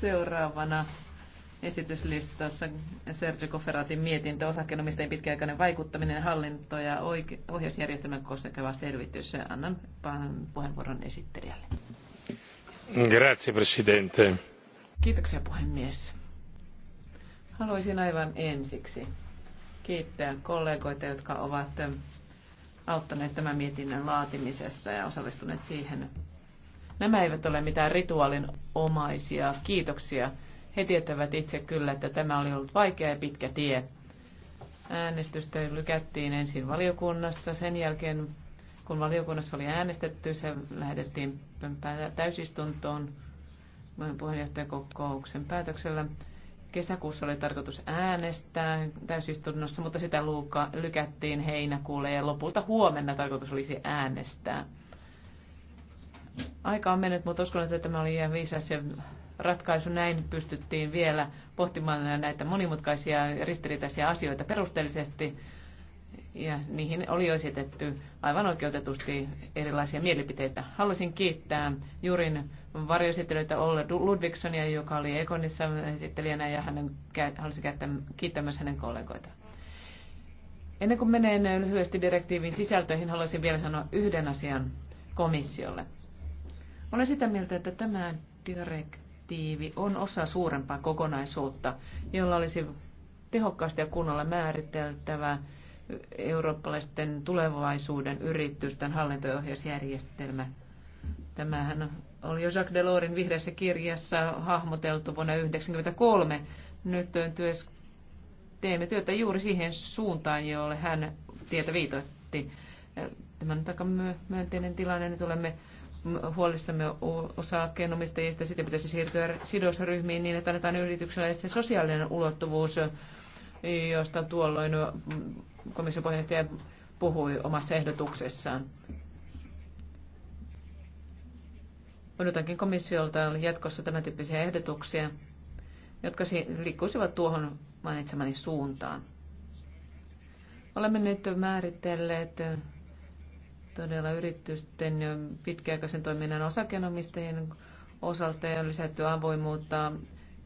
Seuraavana esityslistassa Sergio Koferatin mietintö osakkeenomistajien pitkäaikainen vaikuttaminen, hallinto ja ohjausjärjestelmän koskeva selvitys. Annan puheenvuoron esittelijälle. Grazie, Presidente. Kiitoksia puhemies. Haluaisin aivan ensiksi kiittää kollegoita, jotka ovat auttaneet tämän mietinnön laatimisessa ja osallistuneet siihen Nämä eivät ole mitään rituaalin omaisia kiitoksia. He tietävät itse kyllä, että tämä oli ollut vaikea ja pitkä tie. Äänestystä lykättiin ensin valiokunnassa, sen jälkeen kun valiokunnassa oli äänestetty, se lähetettiin täysistuntoon kokouksen päätöksellä. Kesäkuussa oli tarkoitus äänestää täysistunnossa, mutta sitä luuka lykättiin heinäkuulle ja lopulta huomenna tarkoitus olisi äänestää. Aika on mennyt, mutta uskon, että tämä oli ihan viisas ja ratkaisu. Näin pystyttiin vielä pohtimaan näitä monimutkaisia ja ristiriitaisia asioita perusteellisesti. Ja niihin oli jo esitetty aivan oikeutetusti erilaisia mielipiteitä. Haluaisin kiittää Jurin varjoesittelyitä Olle Ludvigsonia, joka oli Ekonissa esittelijänä ja hänen, halusin kiittää myös hänen kollegoitaan. Ennen kuin menen lyhyesti direktiivin sisältöihin, haluaisin vielä sanoa yhden asian komissiolle. Olen sitä mieltä, että tämä direktiivi on osa suurempaa kokonaisuutta, jolla olisi tehokkaasti ja kunnolla määriteltävä eurooppalaisten tulevaisuuden yritysten hallinto- ja ohjausjärjestelmä. Tämähän oli jo Jacques Delorsin vihreässä kirjassa hahmoteltu vuonna 1993. Nyt työs, teemme työtä juuri siihen suuntaan, jolle hän tietä viitoitti. Tämä on aika myönteinen tilanne. Nyt olemme huolissamme osakkeenomistajista, sitä pitäisi siirtyä sidosryhmiin niin, että annetaan yritykselle se sosiaalinen ulottuvuus, josta tuolloin komission puheenjohtaja puhui omassa ehdotuksessaan. Odotankin komissiolta jatkossa tämän tyyppisiä ehdotuksia, jotka liikkuisivat tuohon mainitsemani suuntaan. Olemme nyt määritelleet todella yritysten pitkäaikaisen toiminnan osakenomistajien osalta ja lisätty avoimuutta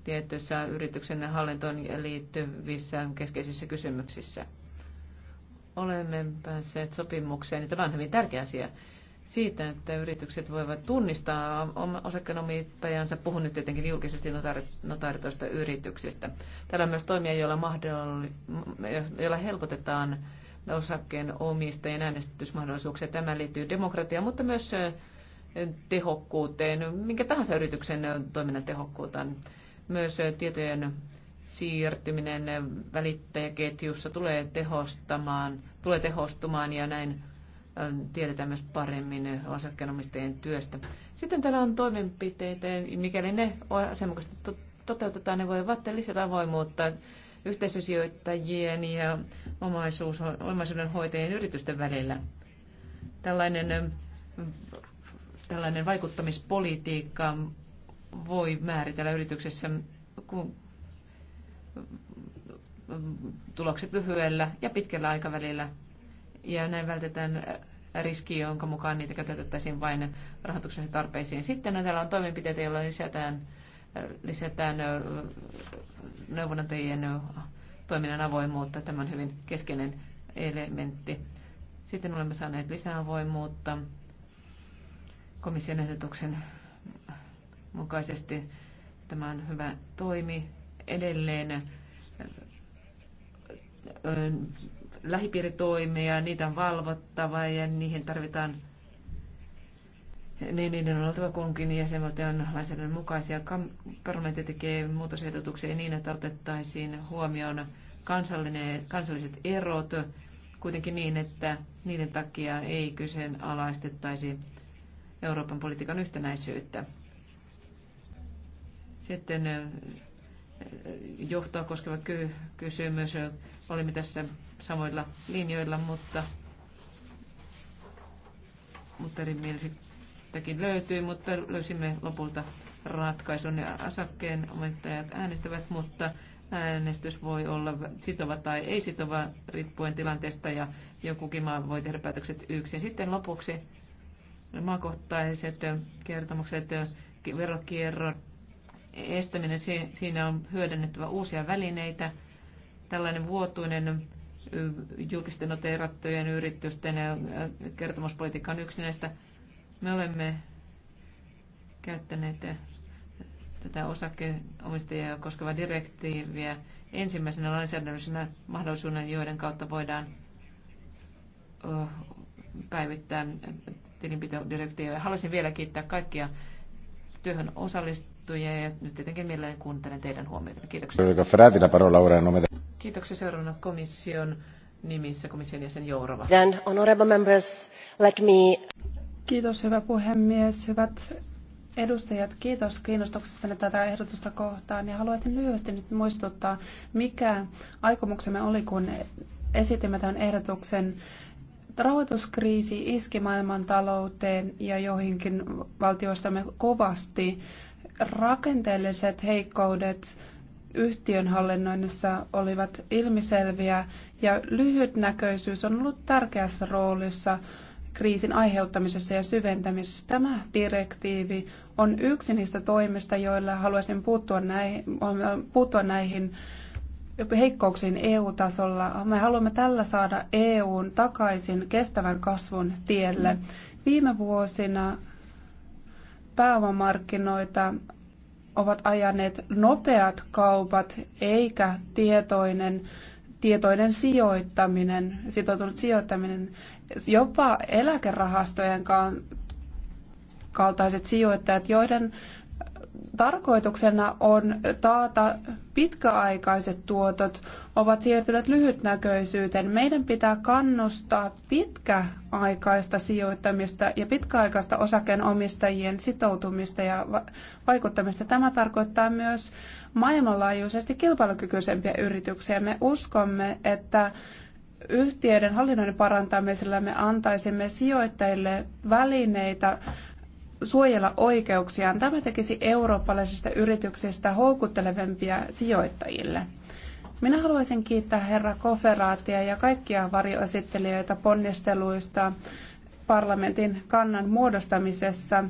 tietyissä yrityksen hallintoon liittyvissä keskeisissä kysymyksissä. Olemme päässeet sopimukseen, ja tämä on hyvin tärkeä asia, siitä, että yritykset voivat tunnistaa osakkeenomistajansa. Puhun nyt tietenkin julkisesti notaaritoista yrityksistä. Täällä on myös toimia, joilla, mahdoll- joilla helpotetaan osakkeen omistajien äänestysmahdollisuuksia. Tämä liittyy demokratiaan, mutta myös tehokkuuteen, minkä tahansa yrityksen toiminnan tehokkuuteen. Myös tietojen siirtyminen välittäjäketjussa tulee, tehostamaan, tulee tehostumaan ja näin tiedetään myös paremmin osakkeenomistajien työstä. Sitten täällä on toimenpiteitä, mikäli ne asianmukaisesti toteutetaan, ne voivat lisätä avoimuutta yhteisösijoittajien ja omaisuus, omaisuudenhoitajien yritysten välillä. Tällainen, tällainen vaikuttamispolitiikka voi määritellä yrityksessä kun tulokset lyhyellä ja pitkällä aikavälillä. Ja näin vältetään riski, jonka mukaan niitä käytettäisiin vain rahoituksen tarpeisiin. Sitten no, täällä on toimenpiteitä, joilla lisätään lisätään neuvonantajien toiminnan avoimuutta. Tämä on hyvin keskeinen elementti. Sitten olemme saaneet lisää avoimuutta komission ehdotuksen mukaisesti. Tämä on hyvä toimi edelleen lähipiiritoimia, niitä on valvottava ja niihin tarvitaan niin niiden niin on oltava kunkin jäsenvaltion lainsäädännön mukaisia. Parlamentti tekee muutosehdotuksia niin, että otettaisiin huomioon kansalliset erot kuitenkin niin, että niiden takia ei kyseenalaistettaisi Euroopan politiikan yhtenäisyyttä. Sitten johtoa koskeva kysymys. Olimme tässä samoilla linjoilla, mutta, mutta erimielisesti Sitäkin löytyy, mutta löysimme lopulta ratkaisun ja asakkeen omittajat äänestävät, mutta äänestys voi olla sitova tai ei sitova riippuen tilanteesta ja jokukin maa voi tehdä päätökset yksin. Sitten lopuksi maakohtaiset kertomukset, verokierron estäminen, siinä on hyödynnettävä uusia välineitä. Tällainen vuotuinen julkisten noteerattujen yritysten kertomuspolitiikka on yksi näistä me olemme käyttäneet tätä osakeomistajia koskevaa direktiiviä ensimmäisenä lainsäädännöllisenä mahdollisuuden, joiden kautta voidaan päivittää tilinpitodirektiiviä. Haluaisin vielä kiittää kaikkia työhön osallistujia ja nyt tietenkin mielelläni kuuntelen teidän huomioita. Kiitoksia. Kiitoksia seuraavana komission nimissä komission jäsen Jourova. Then honorable members, let me... Kiitos hyvä puhemies, hyvät edustajat, kiitos kiinnostuksesta tätä ehdotusta kohtaan. Ja haluaisin lyhyesti nyt muistuttaa, mikä aikomuksemme oli, kun esitimme tämän ehdotuksen. Rahoituskriisi iski talouteen ja joihinkin valtioistamme kovasti. Rakenteelliset heikkoudet yhtiön hallinnoinnissa olivat ilmiselviä ja lyhytnäköisyys on ollut tärkeässä roolissa – kriisin aiheuttamisessa ja syventämisessä. Tämä direktiivi on yksi niistä toimista, joilla haluaisin puuttua näihin, puuttua näihin heikkouksiin EU-tasolla. Me haluamme tällä saada EUn takaisin kestävän kasvun tielle. Viime vuosina pääomamarkkinoita ovat ajaneet nopeat kaupat eikä tietoinen tietoinen sijoittaminen, sitoutunut sijoittaminen, jopa eläkerahastojen kaltaiset sijoittajat, joiden tarkoituksena on taata pitkäaikaiset tuotot, ovat siirtyneet lyhytnäköisyyteen. Meidän pitää kannustaa pitkäaikaista sijoittamista ja pitkäaikaista osakkeenomistajien sitoutumista ja vaikuttamista. Tämä tarkoittaa myös maailmanlaajuisesti kilpailukykyisempiä yrityksiä. Me uskomme, että yhtiöiden hallinnoinnin parantamisella me antaisimme sijoittajille välineitä suojella oikeuksiaan. Tämä tekisi eurooppalaisista yrityksistä houkuttelevampia sijoittajille. Minä haluaisin kiittää herra Koferaatia ja kaikkia varjoesittelijöitä ponnisteluista parlamentin kannan muodostamisessa.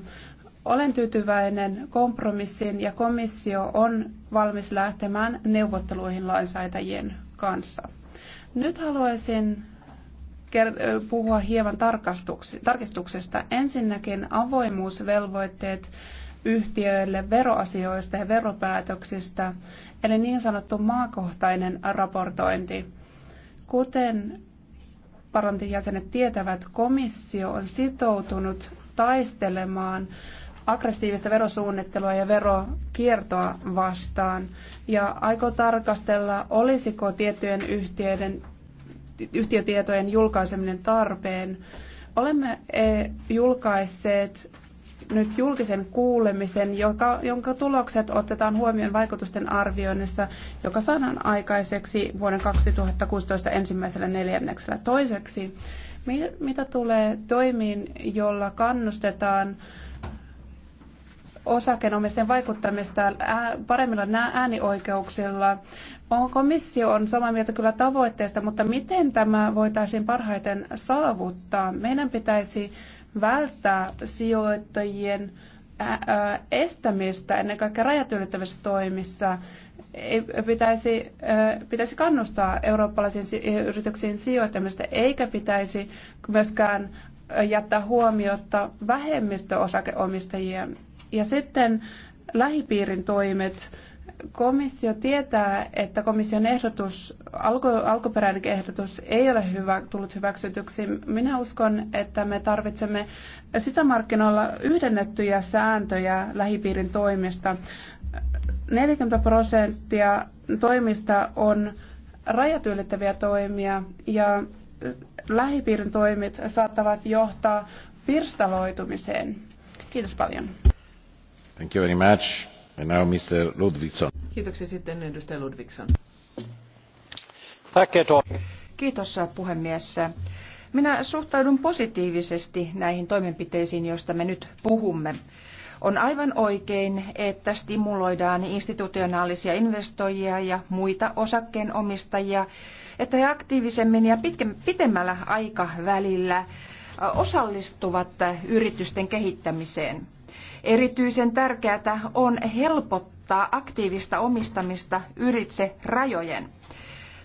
Olen tyytyväinen kompromissiin ja komissio on valmis lähtemään neuvotteluihin lainsäätäjien kanssa. Nyt haluaisin puhua hieman tarkistuksesta. Ensinnäkin avoimuusvelvoitteet yhtiöille veroasioista ja veropäätöksistä, eli niin sanottu maakohtainen raportointi. Kuten parlamentin jäsenet tietävät, komissio on sitoutunut taistelemaan aggressiivista verosuunnittelua ja verokiertoa vastaan ja aikoo tarkastella, olisiko tiettyjen yhtiöiden yhtiötietojen julkaiseminen tarpeen. Olemme eh, julkaisseet nyt julkisen kuulemisen, joka, jonka tulokset otetaan huomioon vaikutusten arvioinnissa, joka saadaan aikaiseksi vuoden 2016 ensimmäisellä neljänneksellä. Toiseksi, mitä tulee toimiin, jolla kannustetaan osakenomistajien vaikuttamista paremmilla äänioikeuksilla. komissio on samaa mieltä kyllä tavoitteesta, mutta miten tämä voitaisiin parhaiten saavuttaa? Meidän pitäisi välttää sijoittajien estämistä ennen kaikkea rajat ylittävissä toimissa. Pitäisi, pitäisi kannustaa eurooppalaisiin yrityksiin sijoittamista, eikä pitäisi myöskään jättää huomiota vähemmistöosakeomistajien ja sitten lähipiirin toimet. Komissio tietää, että komission ehdotus, alku, alkuperäinen ehdotus ei ole hyvä, tullut hyväksytyksi. Minä uskon, että me tarvitsemme sisämarkkinoilla yhdennettyjä sääntöjä lähipiirin toimista. 40 prosenttia toimista on rajat ylittäviä toimia ja lähipiirin toimit saattavat johtaa pirstaloitumiseen. Kiitos paljon. Thank you very much. And now Mr. Kiitoksia sitten edustaja Ludvigson. Kiitos puhemies. Minä suhtaudun positiivisesti näihin toimenpiteisiin, joista me nyt puhumme. On aivan oikein, että stimuloidaan institutionaalisia investoijia ja muita osakkeenomistajia, että he aktiivisemmin ja pitemmällä aikavälillä osallistuvat yritysten kehittämiseen. Erityisen tärkeää on helpottaa aktiivista omistamista ylitse rajojen.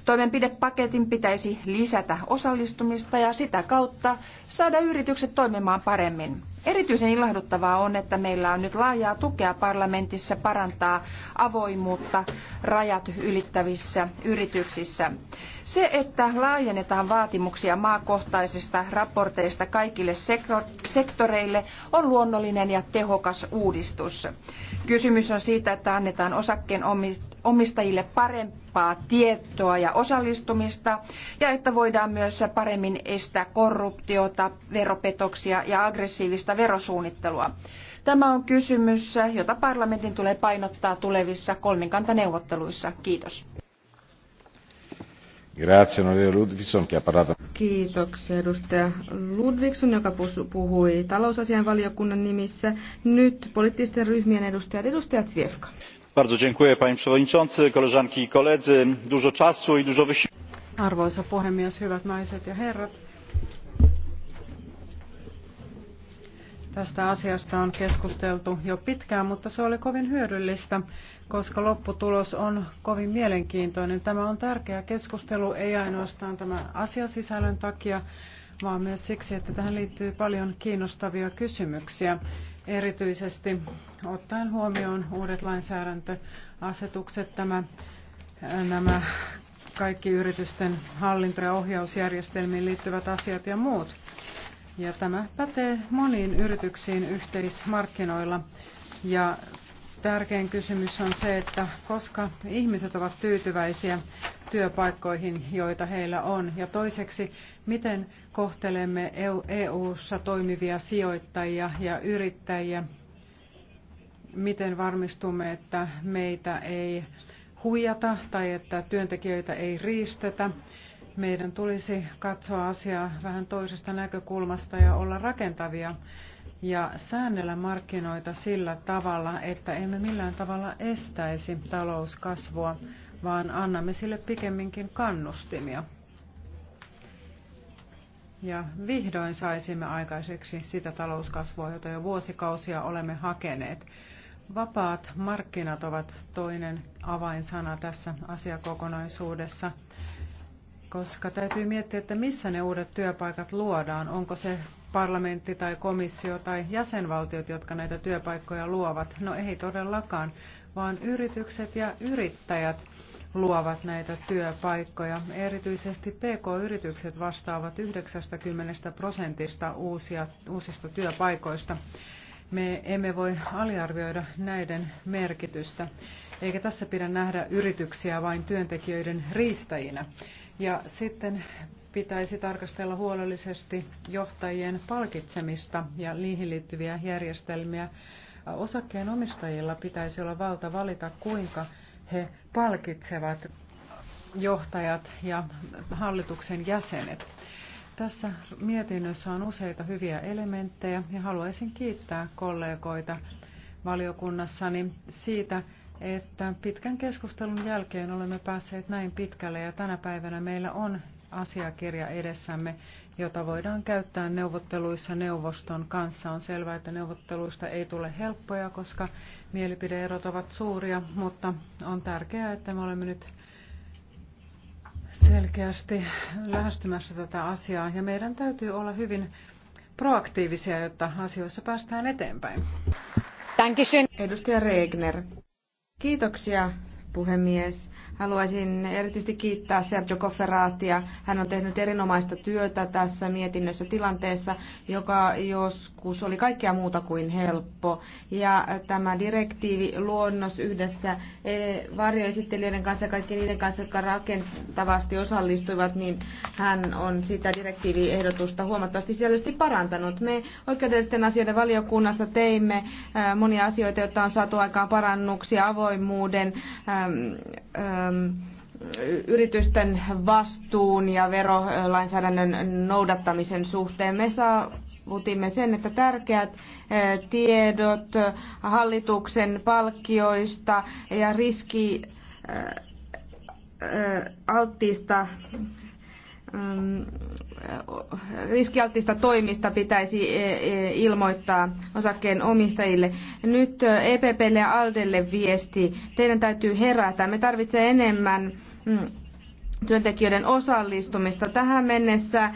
Toimenpidepaketin pitäisi lisätä osallistumista ja sitä kautta saada yritykset toimimaan paremmin. Erityisen ilahduttavaa on, että meillä on nyt laajaa tukea parlamentissa parantaa avoimuutta rajat ylittävissä yrityksissä. Se, että laajennetaan vaatimuksia maakohtaisista raporteista kaikille sektoreille, on luonnollinen ja tehokas uudistus. Kysymys on siitä, että annetaan osakkeenomistajille omistajille parempaa tietoa ja osallistumista ja että voidaan myös paremmin estää korruptiota, veropetoksia ja aggressiivista verosuunnittelua. Tämä on kysymys, jota parlamentin tulee painottaa tulevissa kolmikantaneuvotteluissa. Kiitos. Kiitoksia edustaja Ludvigson, joka puhui talousasianvaliokunnan nimissä. Nyt poliittisten ryhmien edustajat, edustajat Zviefka panie przewodniczący! koleżanki i koledzy! dużo czasu i dużo wysiłku. arvoisa puhemies hyvät naiset ja herrat tästä asiasta on keskusteltu jo pitkään mutta se oli kovin hyödyllistä koska lopputulos on kovin mielenkiintoinen. tämä on tärkeä keskustelu ei ainoastaan tämän asiasisällön takia vaan myös siksi että tähän liittyy paljon kiinnostavia kysymyksiä erityisesti ottaen huomioon uudet lainsäädäntöasetukset, tämä, nämä kaikki yritysten hallinto- ja ohjausjärjestelmiin liittyvät asiat ja muut. Ja tämä pätee moniin yrityksiin yhteismarkkinoilla ja tärkein kysymys on se, että koska ihmiset ovat tyytyväisiä työpaikkoihin, joita heillä on, ja toiseksi, miten kohtelemme EU-ssa e toimivia sijoittajia ja yrittäjiä, miten varmistumme, että meitä ei huijata tai että työntekijöitä ei riistetä. Meidän tulisi katsoa asiaa vähän toisesta näkökulmasta ja olla rakentavia ja säännellä markkinoita sillä tavalla, että emme millään tavalla estäisi talouskasvua, vaan annamme sille pikemminkin kannustimia. Ja vihdoin saisimme aikaiseksi sitä talouskasvua, jota jo vuosikausia olemme hakeneet. Vapaat markkinat ovat toinen avainsana tässä asiakokonaisuudessa, koska täytyy miettiä, että missä ne uudet työpaikat luodaan. Onko se parlamentti tai komissio tai jäsenvaltiot, jotka näitä työpaikkoja luovat. No ei todellakaan, vaan yritykset ja yrittäjät luovat näitä työpaikkoja. Erityisesti PK-yritykset vastaavat 90 prosentista uusia, uusista työpaikoista. Me emme voi aliarvioida näiden merkitystä, eikä tässä pidä nähdä yrityksiä vain työntekijöiden riistäjinä. Ja sitten pitäisi tarkastella huolellisesti johtajien palkitsemista ja niihin liittyviä järjestelmiä. Osakkeenomistajilla pitäisi olla valta valita, kuinka he palkitsevat johtajat ja hallituksen jäsenet. Tässä mietinnössä on useita hyviä elementtejä ja haluaisin kiittää kollegoita valiokunnassani siitä, että pitkän keskustelun jälkeen olemme päässeet näin pitkälle ja tänä päivänä meillä on asiakirja edessämme, jota voidaan käyttää neuvotteluissa neuvoston kanssa. On selvää, että neuvotteluista ei tule helppoja, koska mielipideerot ovat suuria, mutta on tärkeää, että me olemme nyt selkeästi lähestymässä tätä asiaa ja meidän täytyy olla hyvin proaktiivisia, jotta asioissa päästään eteenpäin. Edustaja Regner. Kiitoksia puhemies. Haluaisin erityisesti kiittää Sergio Cofferatia. Hän on tehnyt erinomaista työtä tässä mietinnössä tilanteessa, joka joskus oli kaikkea muuta kuin helppo. Ja tämä direktiivi luonnos yhdessä e, varjoesittelijöiden kanssa ja kaikki niiden kanssa, jotka rakentavasti osallistuivat, niin hän on sitä direktiiviehdotusta huomattavasti sisällöllisesti parantanut. Me oikeudellisten asioiden valiokunnassa teimme e, monia asioita, joita on saatu aikaan parannuksia avoimuuden e, Ähm, ähm, yritysten vastuun ja verolainsäädännön noudattamisen suhteen. Me saavutimme sen, että tärkeät äh, tiedot hallituksen palkkioista ja riski äh, äh, alttiista mm, riskialtista toimista pitäisi e, e, ilmoittaa osakkeen omistajille. Nyt EPPlle e ja Aldelle viesti, teidän täytyy herätä. Me tarvitsemme enemmän mm, työntekijöiden osallistumista. Tähän mennessä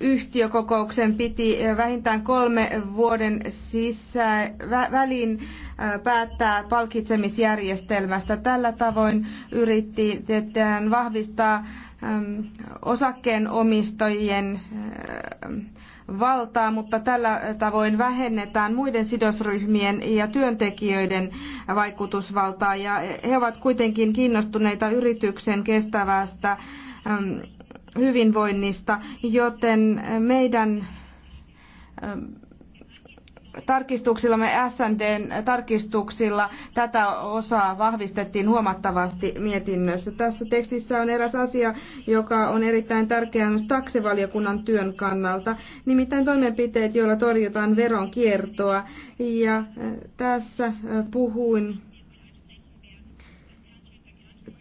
yhtiökokouksen piti vähintään kolme vuoden sisä, päättää palkitsemisjärjestelmästä. Tällä tavoin yritetään vahvistaa Ähm, osakkeenomistajien ähm, valtaa, mutta tällä tavoin vähennetään muiden sidosryhmien ja työntekijöiden vaikutusvaltaa. Ja he ovat kuitenkin kiinnostuneita yrityksen kestävästä ähm, hyvinvoinnista, joten meidän tarkistuksillamme, SNDn tarkistuksilla, tätä osaa vahvistettiin huomattavasti mietinnössä. Tässä tekstissä on eräs asia, joka on erittäin tärkeä myös taksivaliokunnan työn kannalta, nimittäin toimenpiteet, joilla torjutaan veronkiertoa. Ja äh, tässä äh, puhuin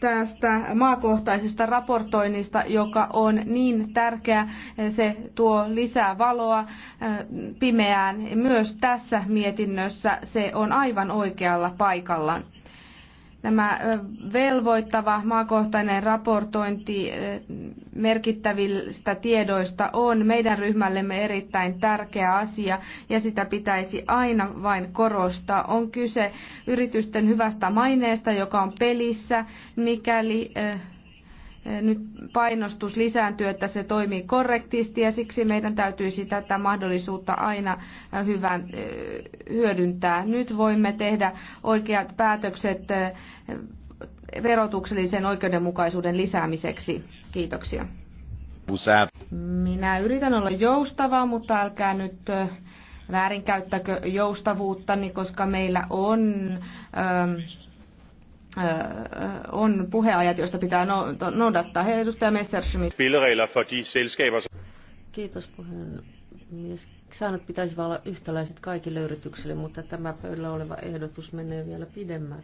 tästä maakohtaisesta raportoinnista, joka on niin tärkeä. Se tuo lisää valoa äh, pimeään. Myös tässä mietinnössä se on aivan oikealla paikalla. Nämä velvoittava maakohtainen raportointi merkittävistä tiedoista on meidän ryhmällemme erittäin tärkeä asia ja sitä pitäisi aina vain korostaa. On kyse yritysten hyvästä maineesta, joka on pelissä, mikäli nyt painostus lisääntyy, että se toimii korrektisti ja siksi meidän täytyisi tätä mahdollisuutta aina hyvän, hyödyntää. Nyt voimme tehdä oikeat päätökset verotuksellisen oikeudenmukaisuuden lisäämiseksi. Kiitoksia. Minä yritän olla joustava, mutta älkää nyt väärinkäyttäkö joustavuuttani, koska meillä on on puheajat, joista pitää no-, noudattaa. Hei, edustaja Messerschmidt. Kiitos puhemies. Säännöt pitäisi olla yhtäläiset kaikille yrityksille, mutta tämä pöydällä oleva ehdotus menee vielä pidemmälle.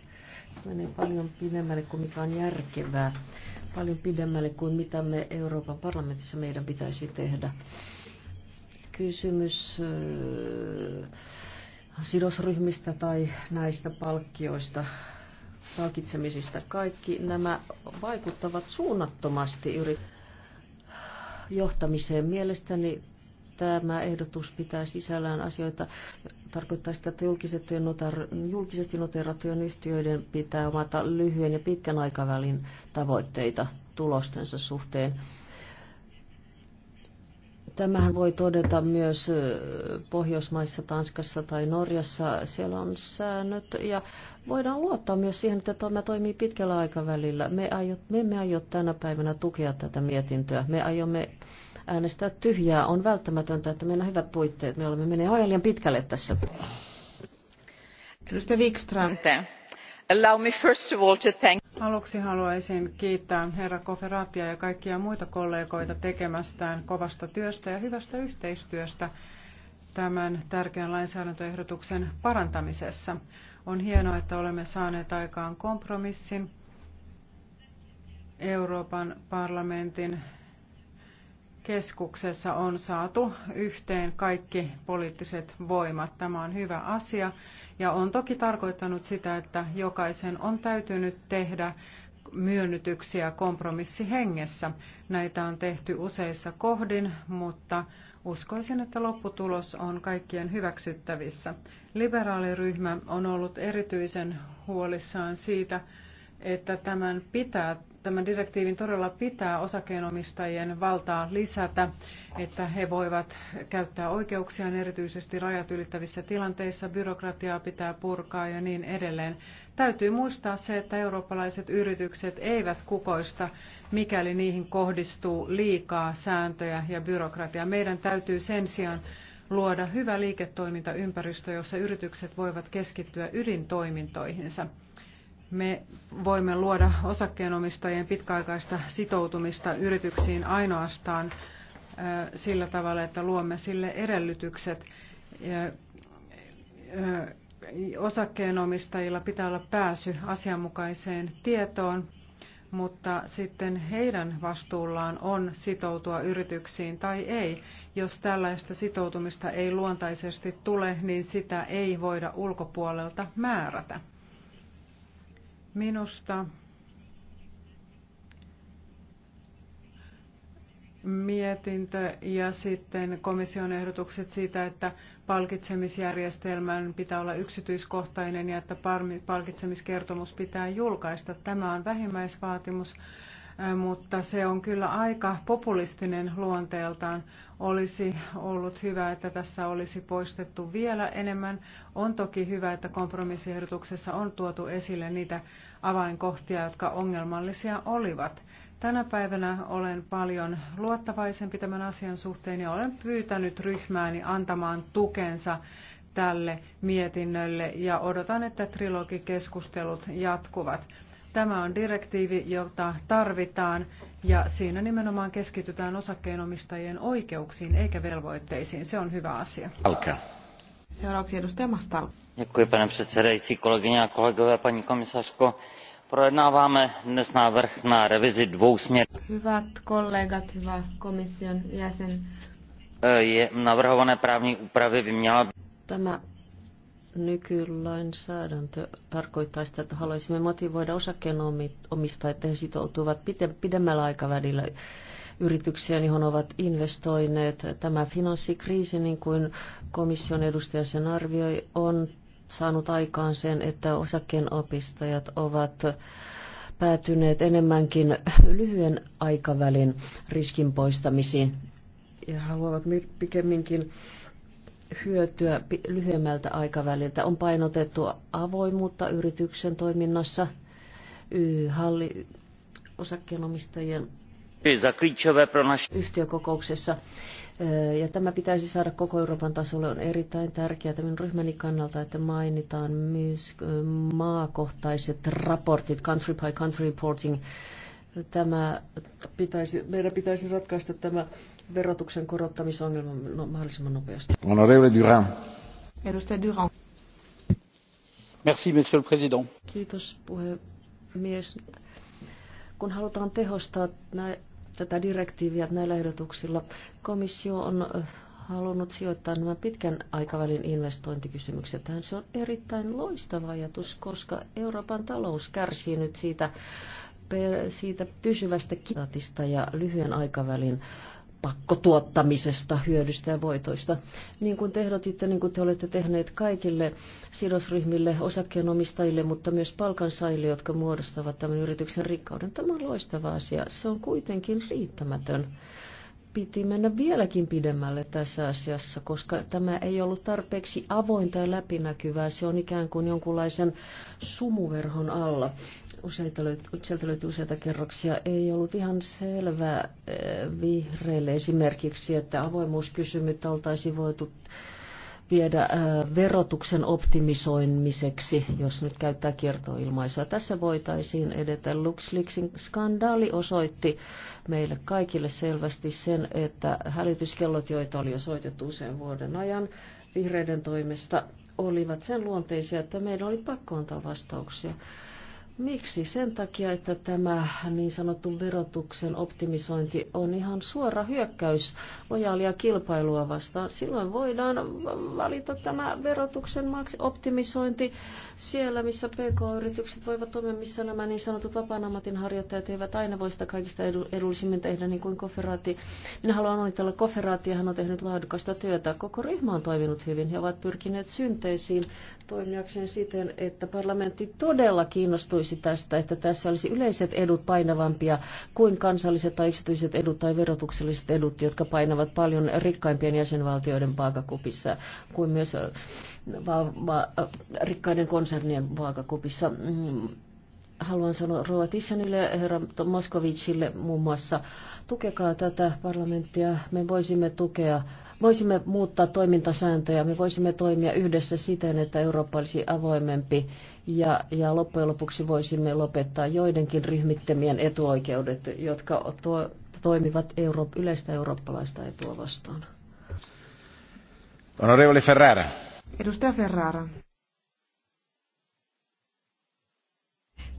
Se menee paljon pidemmälle kuin mikä on järkevää, paljon pidemmälle kuin mitä me Euroopan parlamentissa meidän pitäisi tehdä. Kysymys sidosryhmistä tai näistä palkkioista palkitsemisista. Kaikki nämä vaikuttavat suunnattomasti yri johtamiseen. Mielestäni tämä ehdotus pitää sisällään asioita, tarkoittaa sitä, että julkisesti, noter, julkisesti noterattujen yhtiöiden pitää omata lyhyen ja pitkän aikavälin tavoitteita tulostensa suhteen. Tämähän voi todeta myös Pohjoismaissa, Tanskassa tai Norjassa. Siellä on säännöt ja voidaan luottaa myös siihen, että tämä toimii pitkällä aikavälillä. Me, aio, me emme aio tänä päivänä tukea tätä mietintöä. Me aiomme äänestää tyhjää. On välttämätöntä, että meillä on hyvät puitteet. Me olemme menneet aivan liian pitkälle tässä. Edustaja Wikström. Allow me first of all to thank Aluksi haluaisin kiittää herra Koferatia ja kaikkia muita kollegoita tekemästään kovasta työstä ja hyvästä yhteistyöstä tämän tärkeän lainsäädäntöehdotuksen parantamisessa. On hienoa, että olemme saaneet aikaan kompromissin Euroopan parlamentin keskuksessa on saatu yhteen kaikki poliittiset voimat. Tämä on hyvä asia ja on toki tarkoittanut sitä, että jokaisen on täytynyt tehdä myönnytyksiä kompromissihengessä. Näitä on tehty useissa kohdin, mutta uskoisin, että lopputulos on kaikkien hyväksyttävissä. Liberaaliryhmä on ollut erityisen huolissaan siitä, että tämän pitää tämän direktiivin todella pitää osakkeenomistajien valtaa lisätä, että he voivat käyttää oikeuksiaan erityisesti rajat ylittävissä tilanteissa, byrokratiaa pitää purkaa ja niin edelleen. Täytyy muistaa se, että eurooppalaiset yritykset eivät kukoista, mikäli niihin kohdistuu liikaa sääntöjä ja byrokratiaa. Meidän täytyy sen sijaan luoda hyvä liiketoimintaympäristö, jossa yritykset voivat keskittyä ydintoimintoihinsa me voimme luoda osakkeenomistajien pitkäaikaista sitoutumista yrityksiin ainoastaan sillä tavalla, että luomme sille edellytykset. Osakkeenomistajilla pitää olla pääsy asianmukaiseen tietoon, mutta sitten heidän vastuullaan on sitoutua yrityksiin tai ei. Jos tällaista sitoutumista ei luontaisesti tule, niin sitä ei voida ulkopuolelta määrätä. Minusta mietintö ja sitten komission ehdotukset siitä, että palkitsemisjärjestelmän pitää olla yksityiskohtainen ja että palkitsemiskertomus pitää julkaista. Tämä on vähimmäisvaatimus, mutta se on kyllä aika populistinen luonteeltaan olisi ollut hyvä, että tässä olisi poistettu vielä enemmän. On toki hyvä, että kompromissiehdotuksessa on tuotu esille niitä avainkohtia, jotka ongelmallisia olivat. Tänä päivänä olen paljon luottavaisempi tämän asian suhteen ja olen pyytänyt ryhmääni antamaan tukensa tälle mietinnölle ja odotan, että trilogikeskustelut jatkuvat. Tämä on direktiivi, jota tarvitaan ja siinä nimenomaan keskitytään osakkeenomistajien oikeuksiin eikä velvoitteisiin. Se on hyvä asia. Alkaa. Seuraavaksi edustaja Mastal. Děkuji, pane předsedající, kolegyně a kolegové, paní komisařko. Projednáváme dnes návrh na revizi dvou směr. Hyvät kollegat, hyvä komission jäsen. Je navrhované právní úpravy by měla... Tämä nykylainsäädäntö tarkoittaa sitä, että haluaisimme motivoida osakkeenomistajia, että he sitoutuvat pidemmällä aikavälillä yrityksiä, johon ovat investoineet. Tämä finanssikriisi, niin kuin komission edustaja sen arvioi, on saanut aikaan sen, että osakkeenopistajat ovat päätyneet enemmänkin lyhyen aikavälin riskin poistamisiin ja haluavat pikemminkin hyötyä lyhyemmältä aikaväliltä. On painotettu avoimuutta yrityksen toiminnassa, halli, osakkeenomistajien yhtiökokouksessa. Ja tämä pitäisi saada koko Euroopan tasolle. On erittäin tärkeää tämän ryhmäni kannalta, että mainitaan myös maakohtaiset raportit, country by country reporting, Tämä pitäisi, meidän pitäisi ratkaista tämä verotuksen korottamisongelma mahdollisimman nopeasti. Honorable Durand. Edustaja Durand. Merci, monsieur le président. Kiitos puhemies. Kun halutaan tehostaa nä- tätä direktiiviä näillä ehdotuksilla, komissio on halunnut sijoittaa nämä pitkän aikavälin investointikysymykset tähän. Se on erittäin loistava ajatus, koska Euroopan talous kärsii nyt siitä siitä pysyvästä kitatista ja lyhyen aikavälin pakkotuottamisesta, hyödystä ja voitoista. Niin kuin te ehdotitte, niin kuin te olette tehneet kaikille sidosryhmille, osakkeenomistajille, mutta myös palkansaajille, jotka muodostavat tämän yrityksen rikkauden. Tämä on loistava asia. Se on kuitenkin riittämätön. Piti mennä vieläkin pidemmälle tässä asiassa, koska tämä ei ollut tarpeeksi avointa ja läpinäkyvää. Se on ikään kuin jonkunlaisen sumuverhon alla useita löyt, sieltä löytyy useita kerroksia. Ei ollut ihan selvää eh, vihreille esimerkiksi, että avoimuuskysymyt oltaisiin voitu viedä eh, verotuksen optimisoimiseksi, jos nyt käyttää kiertoilmaisua. Tässä voitaisiin edetä. LuxLeaksin skandaali osoitti meille kaikille selvästi sen, että hälytyskellot, joita oli jo soitettu usean vuoden ajan vihreiden toimesta, olivat sen luonteisia, että meidän oli pakko antaa vastauksia. Miksi? Sen takia, että tämä niin sanottu verotuksen optimisointi on ihan suora hyökkäys lojaalia kilpailua vastaan. Silloin voidaan valita tämä verotuksen optimisointi siellä, missä PK-yritykset voivat toimia, missä nämä niin sanotut vapaan ammatin harjoittajat eivät aina voi sitä kaikista edullisimmin tehdä, niin kuin koferaati. Minä haluan onnitella koferaatia, hän on tehnyt laadukasta työtä. Koko ryhmä on toiminut hyvin. He ovat pyrkineet synteisiin toimijakseen siten, että parlamentti todella kiinnostui löysi tästä, että tässä olisi yleiset edut painavampia kuin kansalliset tai yksityiset edut tai verotukselliset edut, jotka painavat paljon rikkaimpien jäsenvaltioiden vaakakupissa kuin myös äh, va- va- äh, rikkaiden konsernien vaakakupissa mm, haluan sanoa Roa Tissanille ja herra Moskovicille muun muassa, tukekaa tätä parlamenttia. Me voisimme tukea Voisimme muuttaa toimintasääntöjä, me voisimme toimia yhdessä siten, että Eurooppa olisi avoimempi ja, ja loppujen lopuksi voisimme lopettaa joidenkin ryhmittämien etuoikeudet, jotka tuo, toimivat Euro- yleistä eurooppalaista etua vastaan. Onorevole Ferrara. Edustaja Ferrara.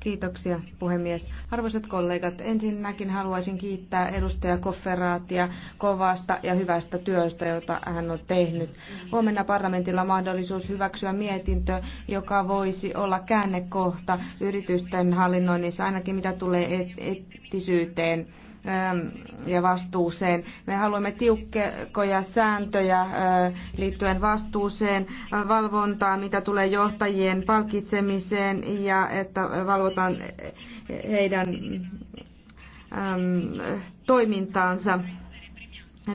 Kiitoksia puhemies. Arvoisat kollegat, ensinnäkin haluaisin kiittää edustaja Kofferaatia kovasta ja hyvästä työstä, jota hän on tehnyt. Huomenna parlamentilla on mahdollisuus hyväksyä mietintö, joka voisi olla käännekohta yritysten hallinnoinnissa, ainakin mitä tulee eettisyyteen. Et- Ähm, ja vastuuseen. Me haluamme tiukkoja sääntöjä äh, liittyen vastuuseen, valvontaa, mitä tulee johtajien palkitsemiseen ja että valvotaan heidän ähm, toimintaansa.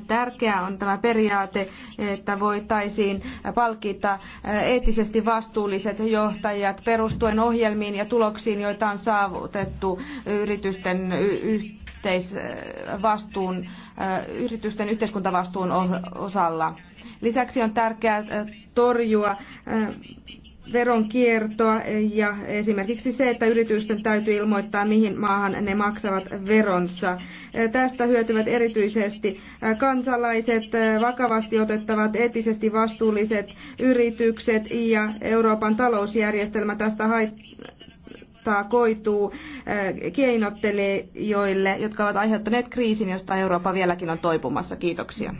Tärkeää on tämä periaate, että voitaisiin palkita äh, eettisesti vastuulliset johtajat perustuen ohjelmiin ja tuloksiin, joita on saavutettu yritysten yhteydessä yhteisvastuun, yritysten yhteiskuntavastuun osalla. Lisäksi on tärkeää torjua veronkiertoa ja esimerkiksi se, että yritysten täytyy ilmoittaa, mihin maahan ne maksavat veronsa. Tästä hyötyvät erityisesti kansalaiset, vakavasti otettavat eettisesti vastuulliset yritykset ja Euroopan talousjärjestelmä tästä taakkaa koituu äh, keinottelijoille, jotka ovat aiheuttaneet kriisin, josta Eurooppa vieläkin on toipumassa. Kiitoksia.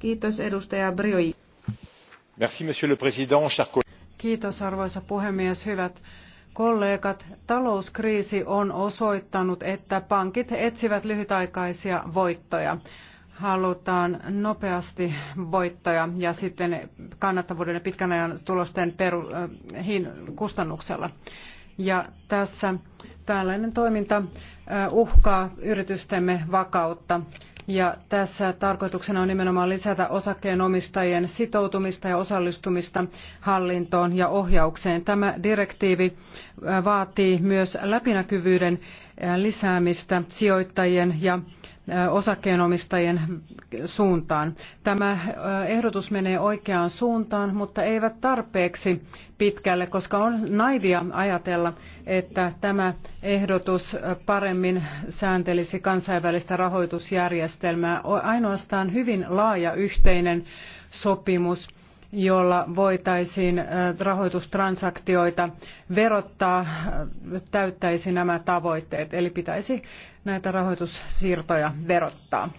Kiitos edustaja Brioi. Merci, monsieur le président, Kiitos arvoisa puhemies, hyvät kollegat. Talouskriisi on osoittanut, että pankit etsivät lyhytaikaisia voittoja halutaan nopeasti voittoja ja sitten kannattavuuden ja pitkän ajan tulosten peru, äh, hin, kustannuksella ja tässä tällainen toiminta uhkaa yritystemme vakautta. Ja tässä tarkoituksena on nimenomaan lisätä osakkeenomistajien sitoutumista ja osallistumista hallintoon ja ohjaukseen. Tämä direktiivi vaatii myös läpinäkyvyyden lisäämistä sijoittajien ja osakkeenomistajien suuntaan. Tämä ehdotus menee oikeaan suuntaan, mutta eivät tarpeeksi pitkälle, koska on naivia ajatella, että tämä ehdotus paremmin sääntelisi kansainvälistä rahoitusjärjestelmää. Ainoastaan hyvin laaja yhteinen sopimus jolla voitaisiin rahoitustransaktioita verottaa, täyttäisi nämä tavoitteet. Eli pitäisi näitä rahoitussiirtoja verottaa.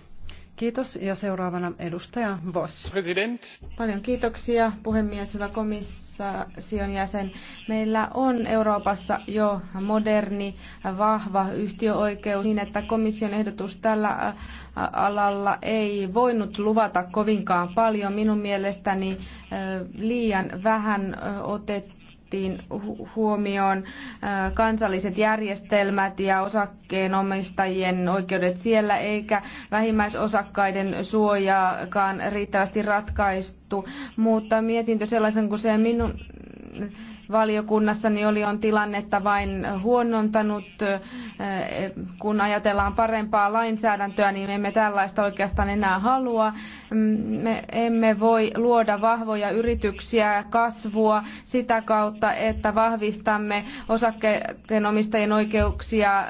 Kiitos ja seuraavana edustaja Voss. President. Paljon kiitoksia puhemies, hyvä komissio komission jäsen. Meillä on Euroopassa jo moderni, vahva yhtiöoikeus niin, että komission ehdotus tällä alalla ei voinut luvata kovinkaan paljon. Minun mielestäni liian vähän otettu otettiin huomioon kansalliset järjestelmät ja osakkeenomistajien oikeudet siellä, eikä vähimmäisosakkaiden suojaakaan riittävästi ratkaistu. Mutta mietintö sellaisen kuin se minun valiokunnassani niin oli on tilannetta vain huonontanut. Kun ajatellaan parempaa lainsäädäntöä, niin me emme tällaista oikeastaan enää halua. Mm, me emme voi luoda vahvoja yrityksiä, kasvua sitä kautta, että vahvistamme osakkeenomistajien oikeuksia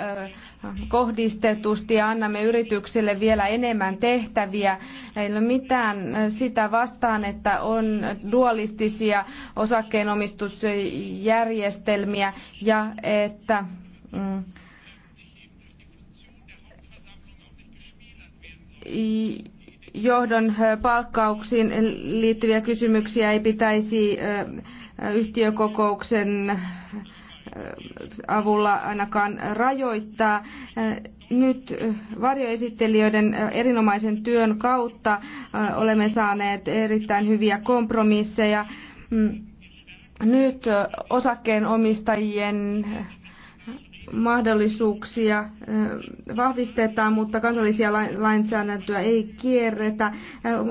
kohdistetusti ja annamme yrityksille vielä enemmän tehtäviä. Ei ole mitään sitä vastaan, että on dualistisia osakkeenomistusjärjestelmiä ja että mm, johdon palkkauksiin liittyviä kysymyksiä ei pitäisi yhtiökokouksen avulla ainakaan rajoittaa. Nyt varjoesittelijöiden erinomaisen työn kautta äh, olemme saaneet erittäin hyviä kompromisseja. Mm, nyt äh, osakkeenomistajien mahdollisuuksia vahvistetaan, mutta kansallisia lainsäädäntöä ei kierretä.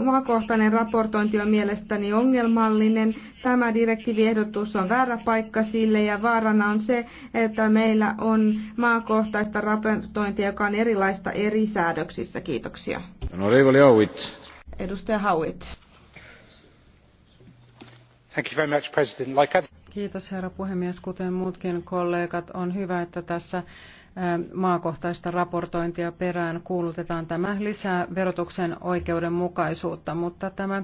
Maakohtainen raportointi on mielestäni ongelmallinen. Tämä direktiiviehdotus on väärä paikka sille ja vaarana on se, että meillä on maakohtaista raportointia, joka on erilaista eri säädöksissä. Kiitoksia. Honorable Howitt. Edustaja Howitt. Thank you very much, President. Like Kiitos herra puhemies. Kuten muutkin kollegat, on hyvä, että tässä maakohtaista raportointia perään kuulutetaan. Tämä lisää verotuksen oikeudenmukaisuutta, mutta tämä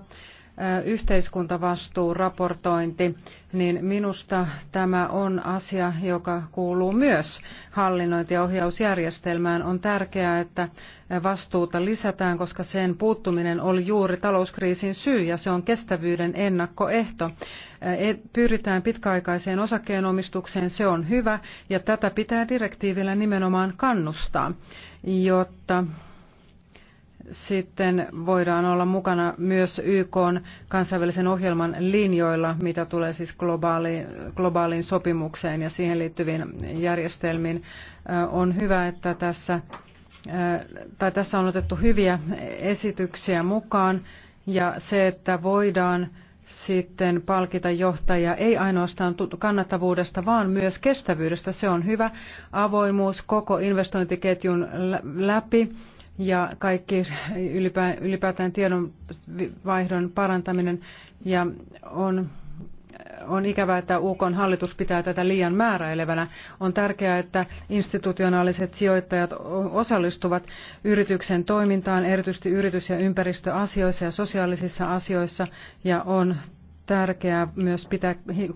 yhteiskuntavastuu, raportointi, niin minusta tämä on asia, joka kuuluu myös hallinnointi- ja ohjausjärjestelmään. On tärkeää, että vastuuta lisätään, koska sen puuttuminen oli juuri talouskriisin syy ja se on kestävyyden ennakkoehto. E, pyritään pitkäaikaiseen osakkeenomistukseen, se on hyvä ja tätä pitää direktiivillä nimenomaan kannustaa, jotta sitten voidaan olla mukana myös YK kansainvälisen ohjelman linjoilla, mitä tulee siis globaaliin, globaaliin sopimukseen ja siihen liittyviin järjestelmiin. On hyvä, että tässä, tai tässä on otettu hyviä esityksiä mukaan ja se, että voidaan sitten palkita johtajia ei ainoastaan kannattavuudesta, vaan myös kestävyydestä. Se on hyvä avoimuus koko investointiketjun läpi ja kaikki ylipäätään tiedonvaihdon parantaminen. Ja on, on ikävää, että UK hallitus pitää tätä liian määräilevänä. On tärkeää, että institutionaaliset sijoittajat osallistuvat yrityksen toimintaan, erityisesti yritys- ja ympäristöasioissa ja sosiaalisissa asioissa, ja on tärkeää myös pitää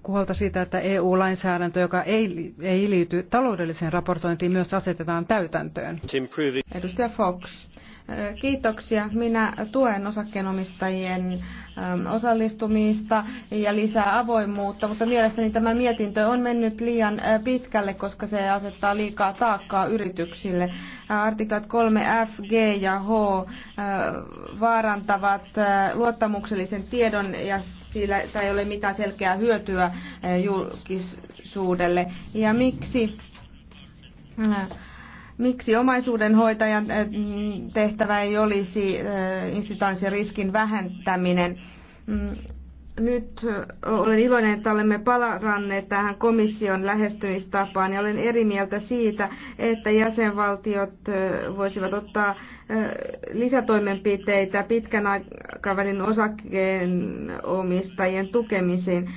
huolta siitä, että EU-lainsäädäntö, joka ei, ei liity taloudelliseen raportointiin, myös asetetaan täytäntöön. Edustaja Fox. Kiitoksia. Minä tuen osakkeenomistajien osallistumista ja lisää avoimuutta, mutta mielestäni tämä mietintö on mennyt liian pitkälle, koska se asettaa liikaa taakkaa yrityksille. Artiklat 3F, G ja H vaarantavat luottamuksellisen tiedon ja sillä ei ole mitään selkeää hyötyä eh, julkisuudelle. Ja miksi eh, miksi omaisuudenhoitajan eh, tehtävä ei olisi instituutioiden riskin vähentäminen. Mm, nyt olen iloinen, että olemme palaranneet tähän komission lähestymistapaan ja olen eri mieltä siitä, että jäsenvaltiot voisivat ottaa lisätoimenpiteitä pitkän aikavälin osakkeenomistajien tukemiseen.